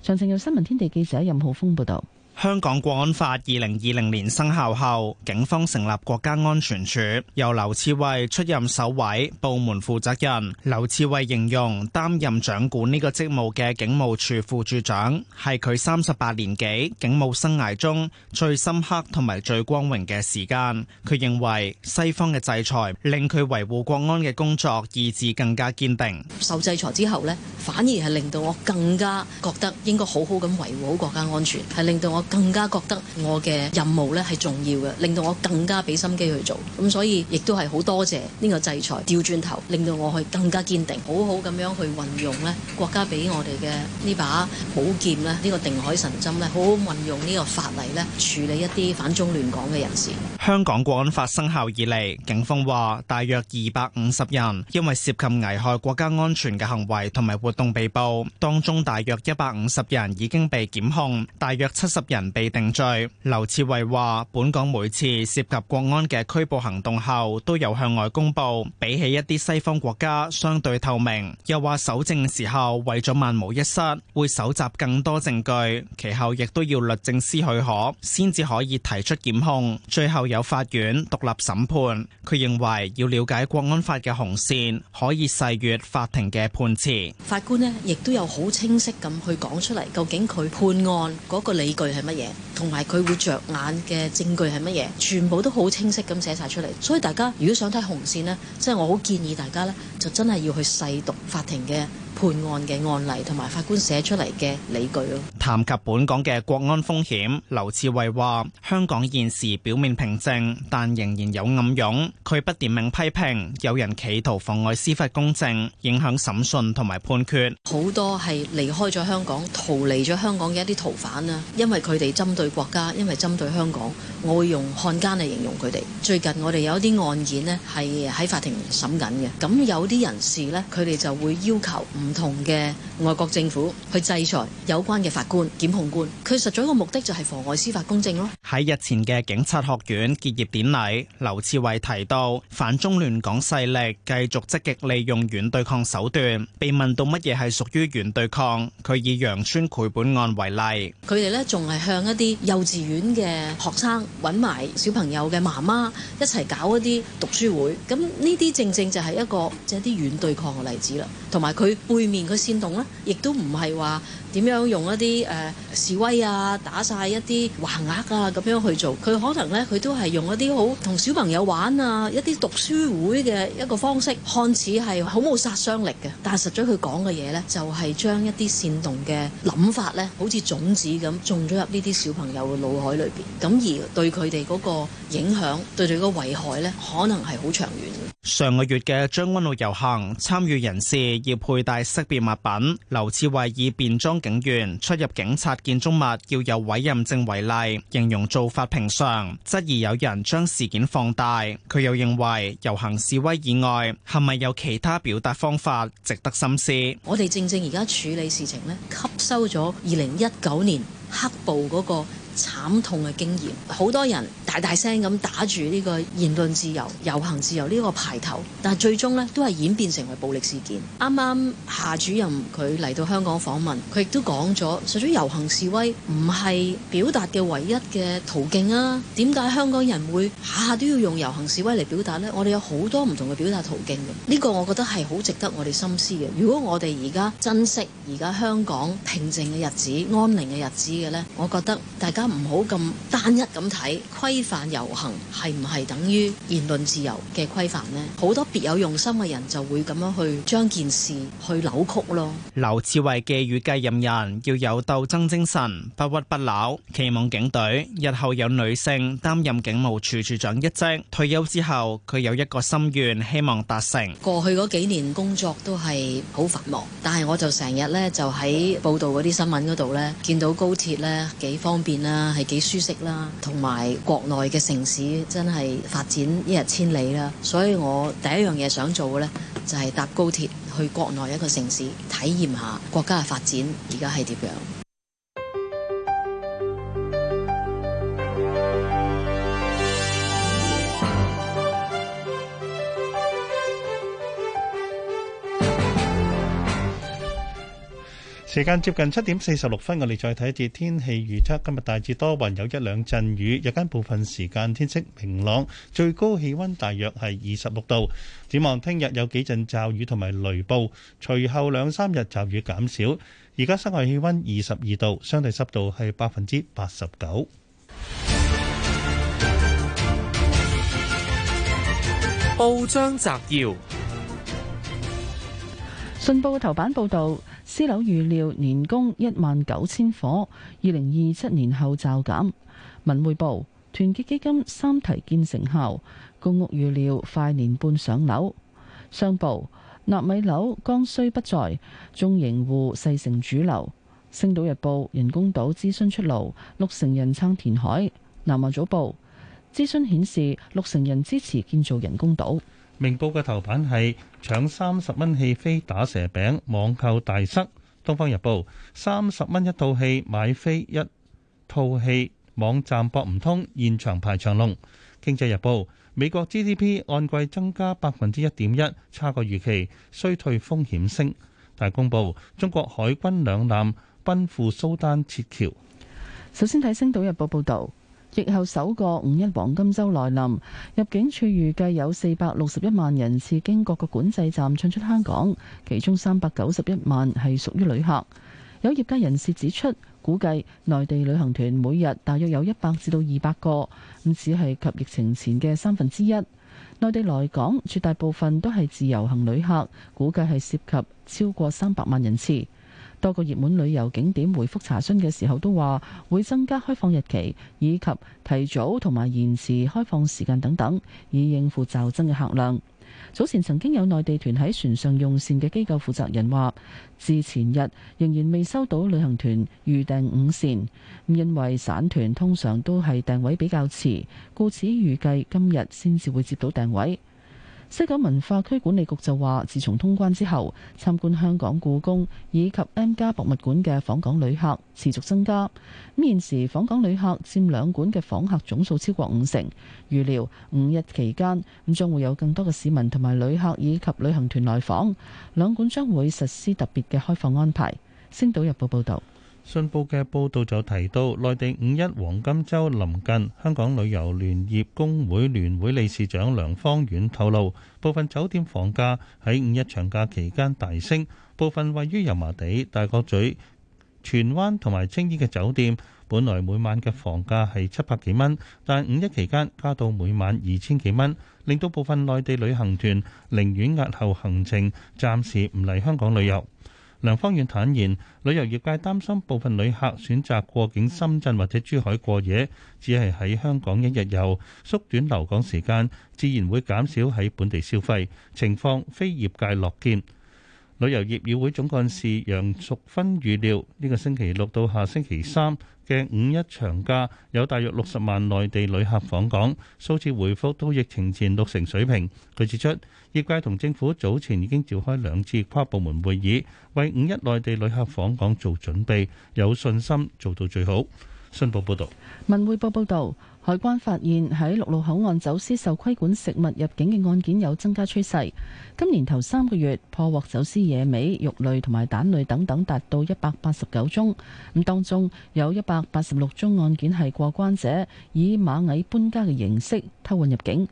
詳情由新聞天地記者任浩峰報導。香港國安法二零二零年生效後，警方成立國家安全處，由劉賜蕙出任首位部門負責人。劉賜蕙形容擔任掌管呢個職務嘅警務處副處長，係佢三十八年幾警務生涯中最深刻同埋最光榮嘅時間。佢認為西方嘅制裁令佢維護國安嘅工作意志更加堅定。受制裁之後咧，反而係令到我更加覺得應該好好咁維護好國家安全，係令到我。更加覺得我嘅任務呢係重要嘅，令到我更加俾心機去做。咁所以亦都係好多謝呢個制裁，調轉頭令到我去更加堅定，好好咁樣去運用呢國家俾我哋嘅呢把寶劍呢，呢個定海神針呢，好好運用呢個法例呢，處理一啲反中亂港嘅人士。香港國安法生效以嚟，警方話大約二百五十人因為涉及危害國家安全嘅行為同埋活動被捕，當中大約一百五十人已經被檢控，大約七十人人被定罪。劉志偉話，本港每次涉及國安嘅拘捕行動後，都有向外公布，比起一啲西方國家相對透明。又話搜證時候，為咗萬無一失，會搜集更多證據，其後亦都要律政司許可，先至可以提出檢控，最後有法院獨立審判。佢認為要了解國安法嘅紅線，可以細閱法庭嘅判詞。法官咧，亦都有好清晰咁去講出嚟，究竟佢判案嗰個理據係。乜嘢，同埋佢會着眼嘅證據係乜嘢，全部都好清晰咁寫晒出嚟。所以大家如果想睇紅線呢，即係我好建議大家呢，就真係要去細讀法庭嘅。判案嘅案例同埋法官寫出嚟嘅理據咯。談及本港嘅國安風險，劉志偉話香港現時表面平靜，但仍然有暗湧，佢不點名批評，有人企圖妨礙司法公正，影響審訊同埋判決，好多係離開咗香港、逃離咗香港嘅一啲逃犯啊，因為佢哋針對國家，因為針對香港，我會用漢奸嚟形容佢哋。最近我哋有一啲案件咧，係喺法庭審緊嘅。咁有啲人士咧，佢哋就會要求唔。唔同嘅外國政府去制裁有關嘅法官、檢控官，佢實在個目的就係妨礙司法公正咯。喺日前嘅警察學院結業典禮，劉志偉提到反中亂港勢力繼續積極利用軟對抗手段。被問到乜嘢係屬於軟對抗，佢以羊村繪本案為例，佢哋呢仲係向一啲幼稚園嘅學生搵埋小朋友嘅媽媽一齊搞一啲讀書會，咁呢啲正正就係一個即係啲軟對抗嘅例子啦。同埋佢背面嘅煽動咧，亦都唔係話，點樣用一啲誒、呃、示威啊、打晒一啲橫額啊咁樣去做？佢可能呢，佢都係用一啲好同小朋友玩啊，一啲讀書會嘅一個方式，看似係好冇殺傷力嘅。但係實在佢講嘅嘢呢，就係、是、將一啲煽動嘅諗法呢，好似種子咁種咗入呢啲小朋友嘅腦海裏邊。咁而對佢哋嗰個影響，對佢個危害呢，可能係好長遠。上個月嘅將軍澳遊行，參與人士要佩戴識別物品。劉志慧以便裝警員出入警察建築物要有委任證為例，形容做法平常，質疑有人將事件放大。佢又認為遊行示威以外，係咪有其他表達方法值得深思？我哋正正而家處理事情呢，吸收咗二零一九年黑暴嗰個。慘痛嘅經驗，好多人大大聲咁打住呢個言論自由、遊行自由呢個牌頭，但係最終呢都係演變成為暴力事件。啱啱夏主任佢嚟到香港訪問，佢亦都講咗，實在遊行示威唔係表達嘅唯一嘅途徑啊！點解香港人會下下都要用遊行示威嚟表達呢？我哋有好多唔同嘅表達途徑嘅，呢個我覺得係好值得我哋深思嘅。如果我哋而家珍惜而家香港平靜嘅日子、安寧嘅日子嘅呢，我覺得大家。唔好咁單一咁睇，規範遊行係唔係等於言論自由嘅規範呢？好多別有用心嘅人就會咁樣去將件事去扭曲咯。劉志偉嘅繼任人要有鬥爭精神，不屈不撓，期望警隊日後有女性擔任警務處處長一職。退休之後，佢有一個心願，希望達成。過去嗰幾年工作都係好繁忙，但係我就成日呢，就喺報道嗰啲新聞嗰度呢，見到高鐵呢幾方便啦。係幾舒適啦，同埋國內嘅城市真係發展一日千里啦，所以我第一樣嘢想做嘅咧，就係搭高鐵去國內一個城市體驗下國家嘅發展，而家係點樣？時間接近七點四十六分，我哋再睇一節天氣預測。今日大致多雲，有一兩陣雨。日間部分時間天色明朗，最高氣溫大約係二十六度。展望聽日有幾陣驟雨同埋雷暴，隨後兩三日驟雨減少。而家室外氣溫二十二度，相對濕度係百分之八十九。報章摘要，信報嘅頭版報道。私樓預料年供一萬九千伙，二零二七年後驟減。文匯報：團結基金三堤建成後，公屋預料快年半上樓。商報：納米樓剛需不在，中型戶勢成主流。星島日報：人工島諮詢出爐，六成人撐填海。南華早報：諮詢顯示六成人支持建造人工島。明報嘅頭版係搶三十蚊戲飛打蛇餅，網購大塞。《東方日報》三十蚊一套戲買飛一套戲，網站博唔通，現場排長龍。《經濟日報》美國 GDP 按季增加百分之一點一，差過預期，衰退風險升。大公報，中國海軍兩艦奔赴蘇丹撤僑。首先睇《星島日報》報導。疫後首個五一黃金周來臨，入境處預計有四百六十一萬人次經各個管制站進出香港，其中三百九十一萬係屬於旅客。有業界人士指出，估計內地旅行團每日大約有一百至到二百個，只係及疫情前嘅三分之一。內地來港絕大部分都係自由行旅客，估計係涉及超過三百萬人次。多個熱門旅遊景點回覆查詢嘅時候都話會增加開放日期，以及提早同埋延遲開放時間等等，以應付驟增嘅客量。早前曾經有內地團喺船上用膳嘅機構負責人話，至前日仍然未收到旅行團預訂午膳，因為散團通常都係訂位比較遲，故此預計今日先至會接到訂位。西九文化區管理局就話，自從通關之後，參觀香港故宮以及 M+ 博物館嘅訪港旅客持續增加。咁現時訪港旅客佔兩館嘅訪客總數超過五成。預料五日期間咁將會有更多嘅市民同埋旅客以及旅行團來訪，兩館將會實施特別嘅開放安排。星島日報報道。信報嘅報導就提到，內地五一黃金週臨近，香港旅遊聯業工會聯會理事長梁芳遠透露，部分酒店房價喺五一長假期間大升，部分位於油麻地、大角咀、荃灣同埋青衣嘅酒店，本來每晚嘅房價係七百幾蚊，但五一期間加到每晚二千幾蚊，令到部分內地旅行團寧願押後行程，暫時唔嚟香港旅遊。梁方遠坦言，旅遊業界擔心部分旅客選擇過境深圳或者珠海過夜，只係喺香港一日遊，縮短留港時間，自然會減少喺本地消費，情況非業界樂見。旅遊業議會總幹事楊淑芬預料，呢個星期六到下星期三嘅五一長假有大約六十萬內地旅客訪港，數字回復到疫情前六成水平。佢指出，業界同政府早前已經召開兩次跨部門會議，為五一內地旅客訪港做準備，有信心做到最好。信報報道。文匯報報導。海關發現喺陸路口岸走私受規管食物入境嘅案件有增加趨勢。今年頭三個月破獲走私野味、肉類同埋蛋類等等，達到一百八十九宗。咁當中有一百八十六宗案件係過關者以螞蟻搬家嘅形式偷運入境。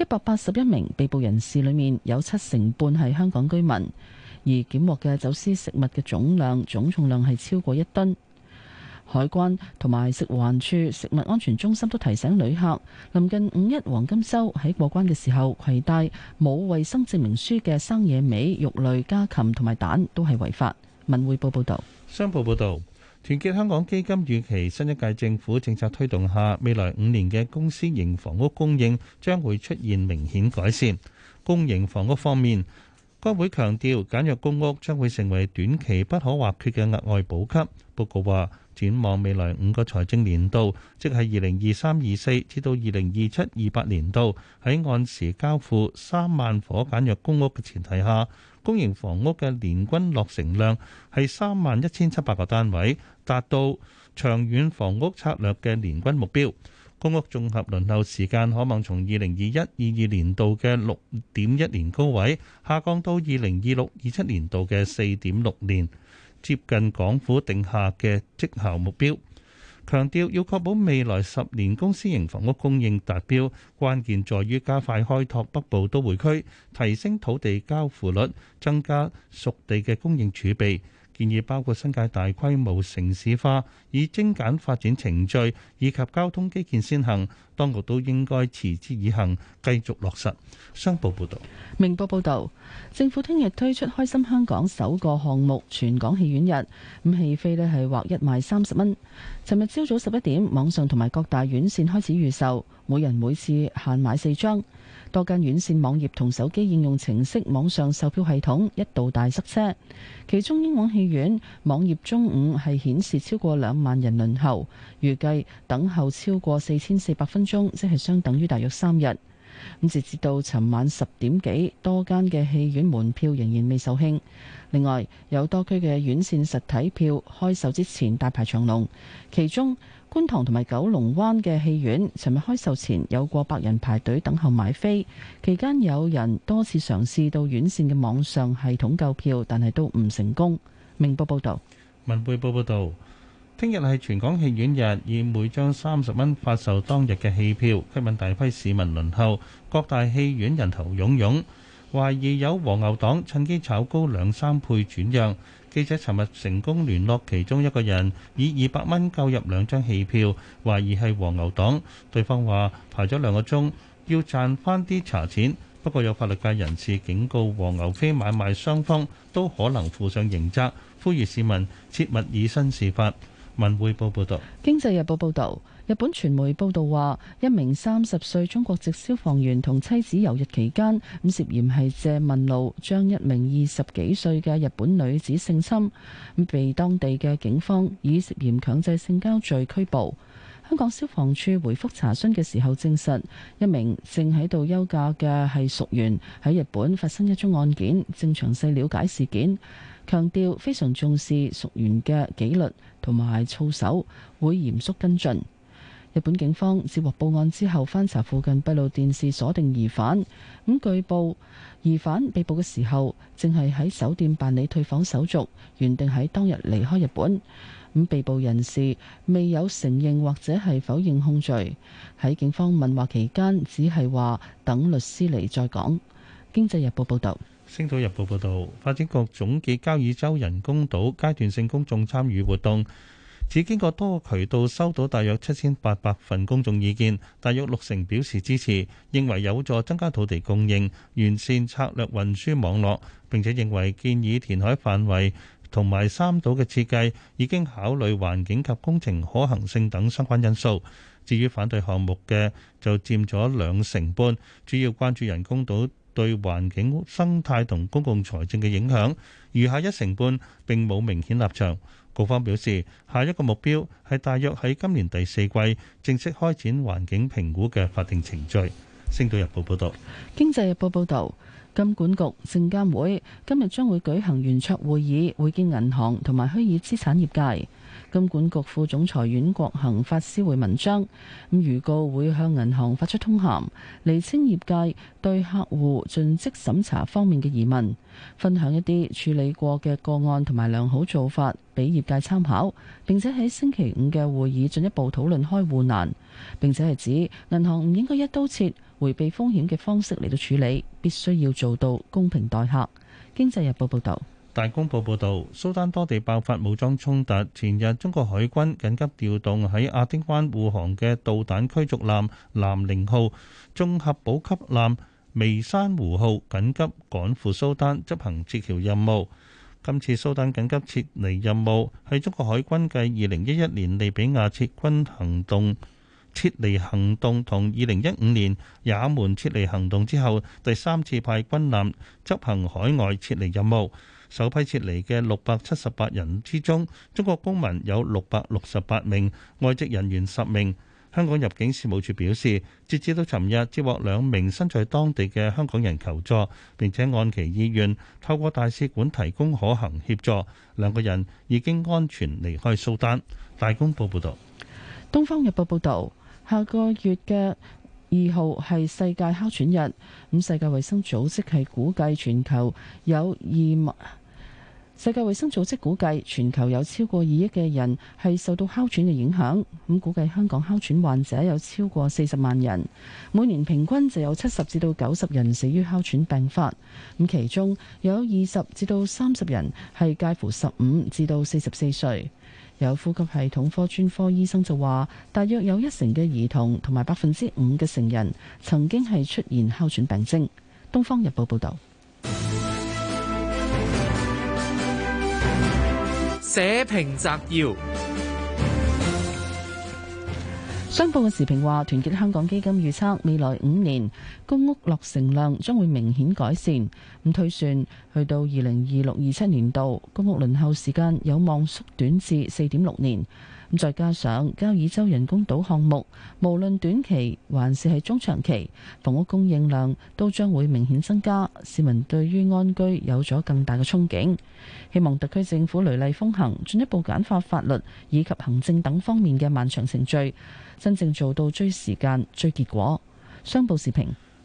一百八十一名被捕人士裏面，有七成半係香港居民。而檢獲嘅走私食物嘅總量總重量係超過一噸。海關同埋食環署食物安全中心都提醒旅客，臨近五一黃金週喺過關嘅時候，攜帶冇衛生證明書嘅生野味、肉類、家禽同埋蛋都係違法。文匯報報導，商報報導，團結香港基金預期，新一屆政府政策推動下，未來五年嘅公私營房屋供應將會出現明顯改善。公營房屋方面，該會強調，簡約公屋將會成為短期不可或缺嘅額外補給。報告話，展望未來五個財政年度，即係二零二三、二四至到二零二七、二八年度，喺按時交付三萬夥簡約公屋嘅前提下，公營房屋嘅年均落成量係三萬一千七百個單位，達到長遠房屋策略嘅年均目標。公屋綜合輪候時間可望從二零二一、二二年度嘅六點一年高位，下降到二零二六、二七年度嘅四點六年。接近港府定下嘅績效目標，強調要確保未來十年公私營房屋供應達標，關鍵在於加快開拓北部都會區，提升土地交付率，增加熟地嘅供應儲備。建議包括新界大規模城市化，以精簡發展程序，以及交通基建先行。當局都應該持之以恒，繼續落實。商報報導，明報報道：政府聽日推出《開心香港》首個項目——全港戲院日，戲飛呢係劃一賣三十蚊。尋日朝早十一點，網上同埋各大院線開始預售，每人每次限買四張。多間院線網頁同手機應用程式網上售票系統一度大塞車，其中英皇戲院網頁中午係顯示超過兩萬人輪候，預計等候超過四千四百分鐘，即係相等於大約三日。咁直至到尋晚十點幾，多間嘅戲院門票仍然未售罄。另外有多區嘅院線實體票開售之前大排長龍，其中觀塘同埋九龍灣嘅戲院，尋日開售前有過百人排隊等候買飛，期間有人多次嘗試到院線嘅網上系統購票，但係都唔成功。明報報道。文匯報報道，聽日係全港戲院日，以每張三十蚊發售當日嘅戲票，吸引大批市民輪候，各大戲院人頭湧湧，懷疑有黃牛黨趁機炒高兩三倍轉讓。記者尋日成功聯絡其中一個人，以二百蚊購入兩張戲票，懷疑係黃牛黨。對方話排咗兩個鐘，要賺返啲茶錢。不過有法律界人士警告，黃牛飛買賣雙方都可能負上刑責，呼籲市民切勿以身試法。文匯報報道。經濟日報報導。日本傳媒報道話，一名三十歲中國籍消防員同妻子遊日期間，咁涉嫌係借問路將一名二十幾歲嘅日本女子性侵，被當地嘅警方以涉嫌強制性交罪拘捕。香港消防處回覆查詢嘅時候證實，一名正喺度休假嘅係屬員喺日本發生一宗案件，正詳細了解事件，強調非常重視屬員嘅紀律同埋操守，會嚴肅跟進。日本警方接獲報案之後，翻查附近閉路電視，鎖定疑犯。咁據報，疑犯被捕嘅時候，正係喺酒店辦理退房手續，原定喺當日離開日本。咁被捕人士未有承認或者係否認控罪。喺警方問話期間，只係話等律師嚟再講。經濟日報報道，星島日報報道，發展局總結交椅洲人工島階段性公眾參與活動。只經過多個渠道收到大約七千八百份公眾意見，大約六成表示支持，認為有助增加土地供應、完善策略運輸網絡，並且認為建議填海範圍同埋三島嘅設計已經考慮環境及工程可行性等相關因素。至於反對項目嘅就佔咗兩成半，主要關注人工島對環境生態同公共財政嘅影響，餘下一成半並冇明顯立場。局方表示，下一個目標係大約喺今年第四季正式開展環境評估嘅法定程序。星島日報報道。經濟日報報道。金管局證監會今日將會舉行圓桌會議，會見銀行同埋虛擬資產業界。金管局副總裁阮國恒發施會文章，咁預告會向銀行發出通函，釐清業界對客戶盡職審查方面嘅疑問，分享一啲處理過嘅個案同埋良好做法俾業界參考，並且喺星期五嘅會議進一步討論開戶難，並且係指銀行唔應該一刀切。回避風險嘅方式嚟到處理，必須要做到公平待客。經濟日報報道，大公報報道，蘇丹多地爆發武裝衝突。前日，中國海軍緊急調動喺亞丁灣護航嘅導彈驅逐艦南寧號、綜合補給艦微山湖號，緊急趕赴蘇丹執行撤僑任務。今次蘇丹緊急撤離任務係中國海軍繼二零一一年利比亞撤軍行動撤離行動同二零一五年也門撤離行動之後，第三次派軍艦執行海外撤離任務。首批撤離嘅六百七十八人之中，中國公民有六百六十八名，外籍人員十名。香港入境事務處表示，截至到尋日，接獲兩名身在當地嘅香港人求助，並且按其意願透過大使館提供可行協助，兩個人已經安全離開蘇丹。大公報報道。東方日報報道。下個月嘅二號係世界哮喘日，咁世界衛生組織係估計全球有二，世界衛生組織估計全球有超過二億嘅人係受到哮喘嘅影響，咁估計香港哮喘患者有超過四十萬人，每年平均就有七十至到九十人死於哮喘病發，咁其中有二十至到三十人係介乎十五至到四十四歲。有呼吸系統科專科醫生就話，大約有一成嘅兒童同埋百分之五嘅成人曾經係出現哮喘病徵。《東方日報》報道：社評輯要。商報嘅時評話，團結香港基金預測未來五年公屋落成量將會明顯改善，咁推算去到二零二六、二七年度，公屋輪候時間有望縮短至四點六年。再加上交椅洲人工島項目，無論短期還是係中長期，房屋供應量都將會明顯增加，市民對於安居有咗更大嘅憧憬。希望特區政府雷厲風行，進一步簡化法律以及行政等方面嘅漫長程序，真正做到追時間、追結果。商報時評。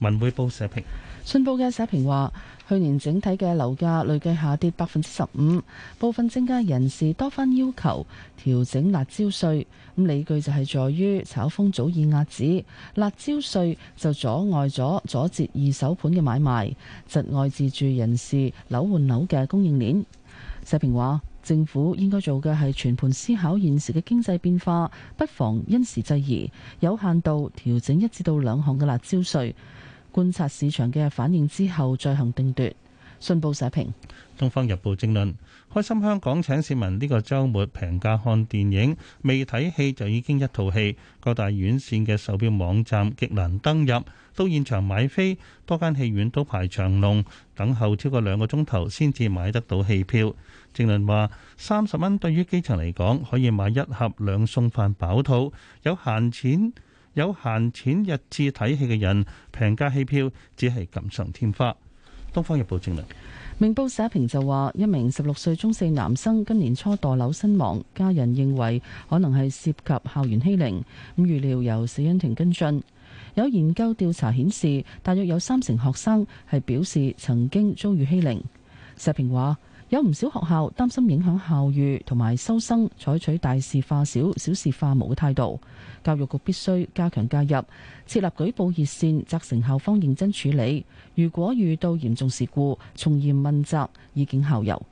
文匯報社評，信報嘅社評話：去年整體嘅樓價累計下跌百分之十五，部分增加人士多番要求調整辣椒稅，咁理據就係在於炒風早已遏止，辣椒稅就阻礙咗阻截二手盤嘅買賣，窒礙自住人士樓換樓嘅供應鏈。社評話：政府應該做嘅係全盤思考現時嘅經濟變化，不妨因時制宜，有限度調整一至到兩項嘅辣椒稅。觀察市場嘅反應之後再行定奪。信報社評，《東方日報》正論：開心香港請市民呢個週末平價看電影，未睇戲就已經一套戲，各大院線嘅售票網站極難登入，到現場買飛，多間戲院都排長龍，等候超過兩個鐘頭先至買得到戲票。正論話：三十蚊對於基層嚟講，可以買一盒兩餸飯飽肚，有閒錢。有閒錢日誌睇戲嘅人，平價戲票只係錦上添花。東方日報正論，明報社評就話：一名十六歲中四男生今年初墮樓身亡，家人認為可能係涉及校園欺凌，咁預料由死因庭跟進。有研究調查顯示，大約有三成學生係表示曾經遭遇欺凌。社評話：有唔少學校擔心影響校譽同埋收生，採取大事化小、小事化無嘅態度。教育局必須加強介入，設立舉報熱線，責成校方認真處理。如果遇到嚴重事故，從嚴問責，以儆效尤。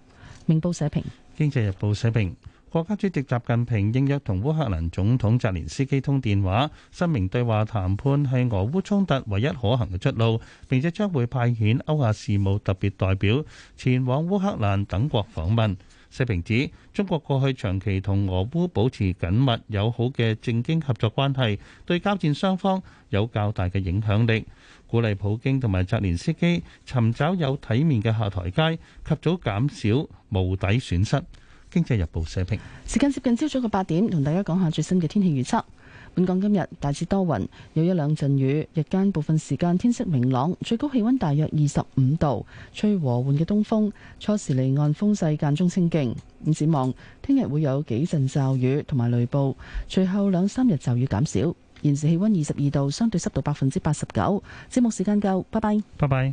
明報社評。《經濟日報》社評：國家主席習近平應約同烏克蘭總統澤連斯基通電話，聲明對話談判係俄烏衝突唯一可行嘅出路，並且將會派遣歐亞事務特別代表前往烏克蘭等國訪問。社評指，中國過去長期同俄烏保持緊密友好嘅政經合作關係，對交戰雙方有較大嘅影響力，鼓勵普京同埋澤連斯基尋找有體面嘅下台階，及早減少無底損失。經濟日報社評，時間接近朝早嘅八點，同大家講下最新嘅天氣預測。本港今日大致多雲，有一兩陣雨，日間部分時間天色明朗，最高氣温大約二十五度，吹和緩嘅東風，初時離岸風勢間中清勁。咁展望，聽日會有幾陣驟雨同埋雷暴，隨後兩三日驟雨減少。現時氣溫二十二度，相對濕度百分之八十九。節目時間夠，拜拜。拜拜。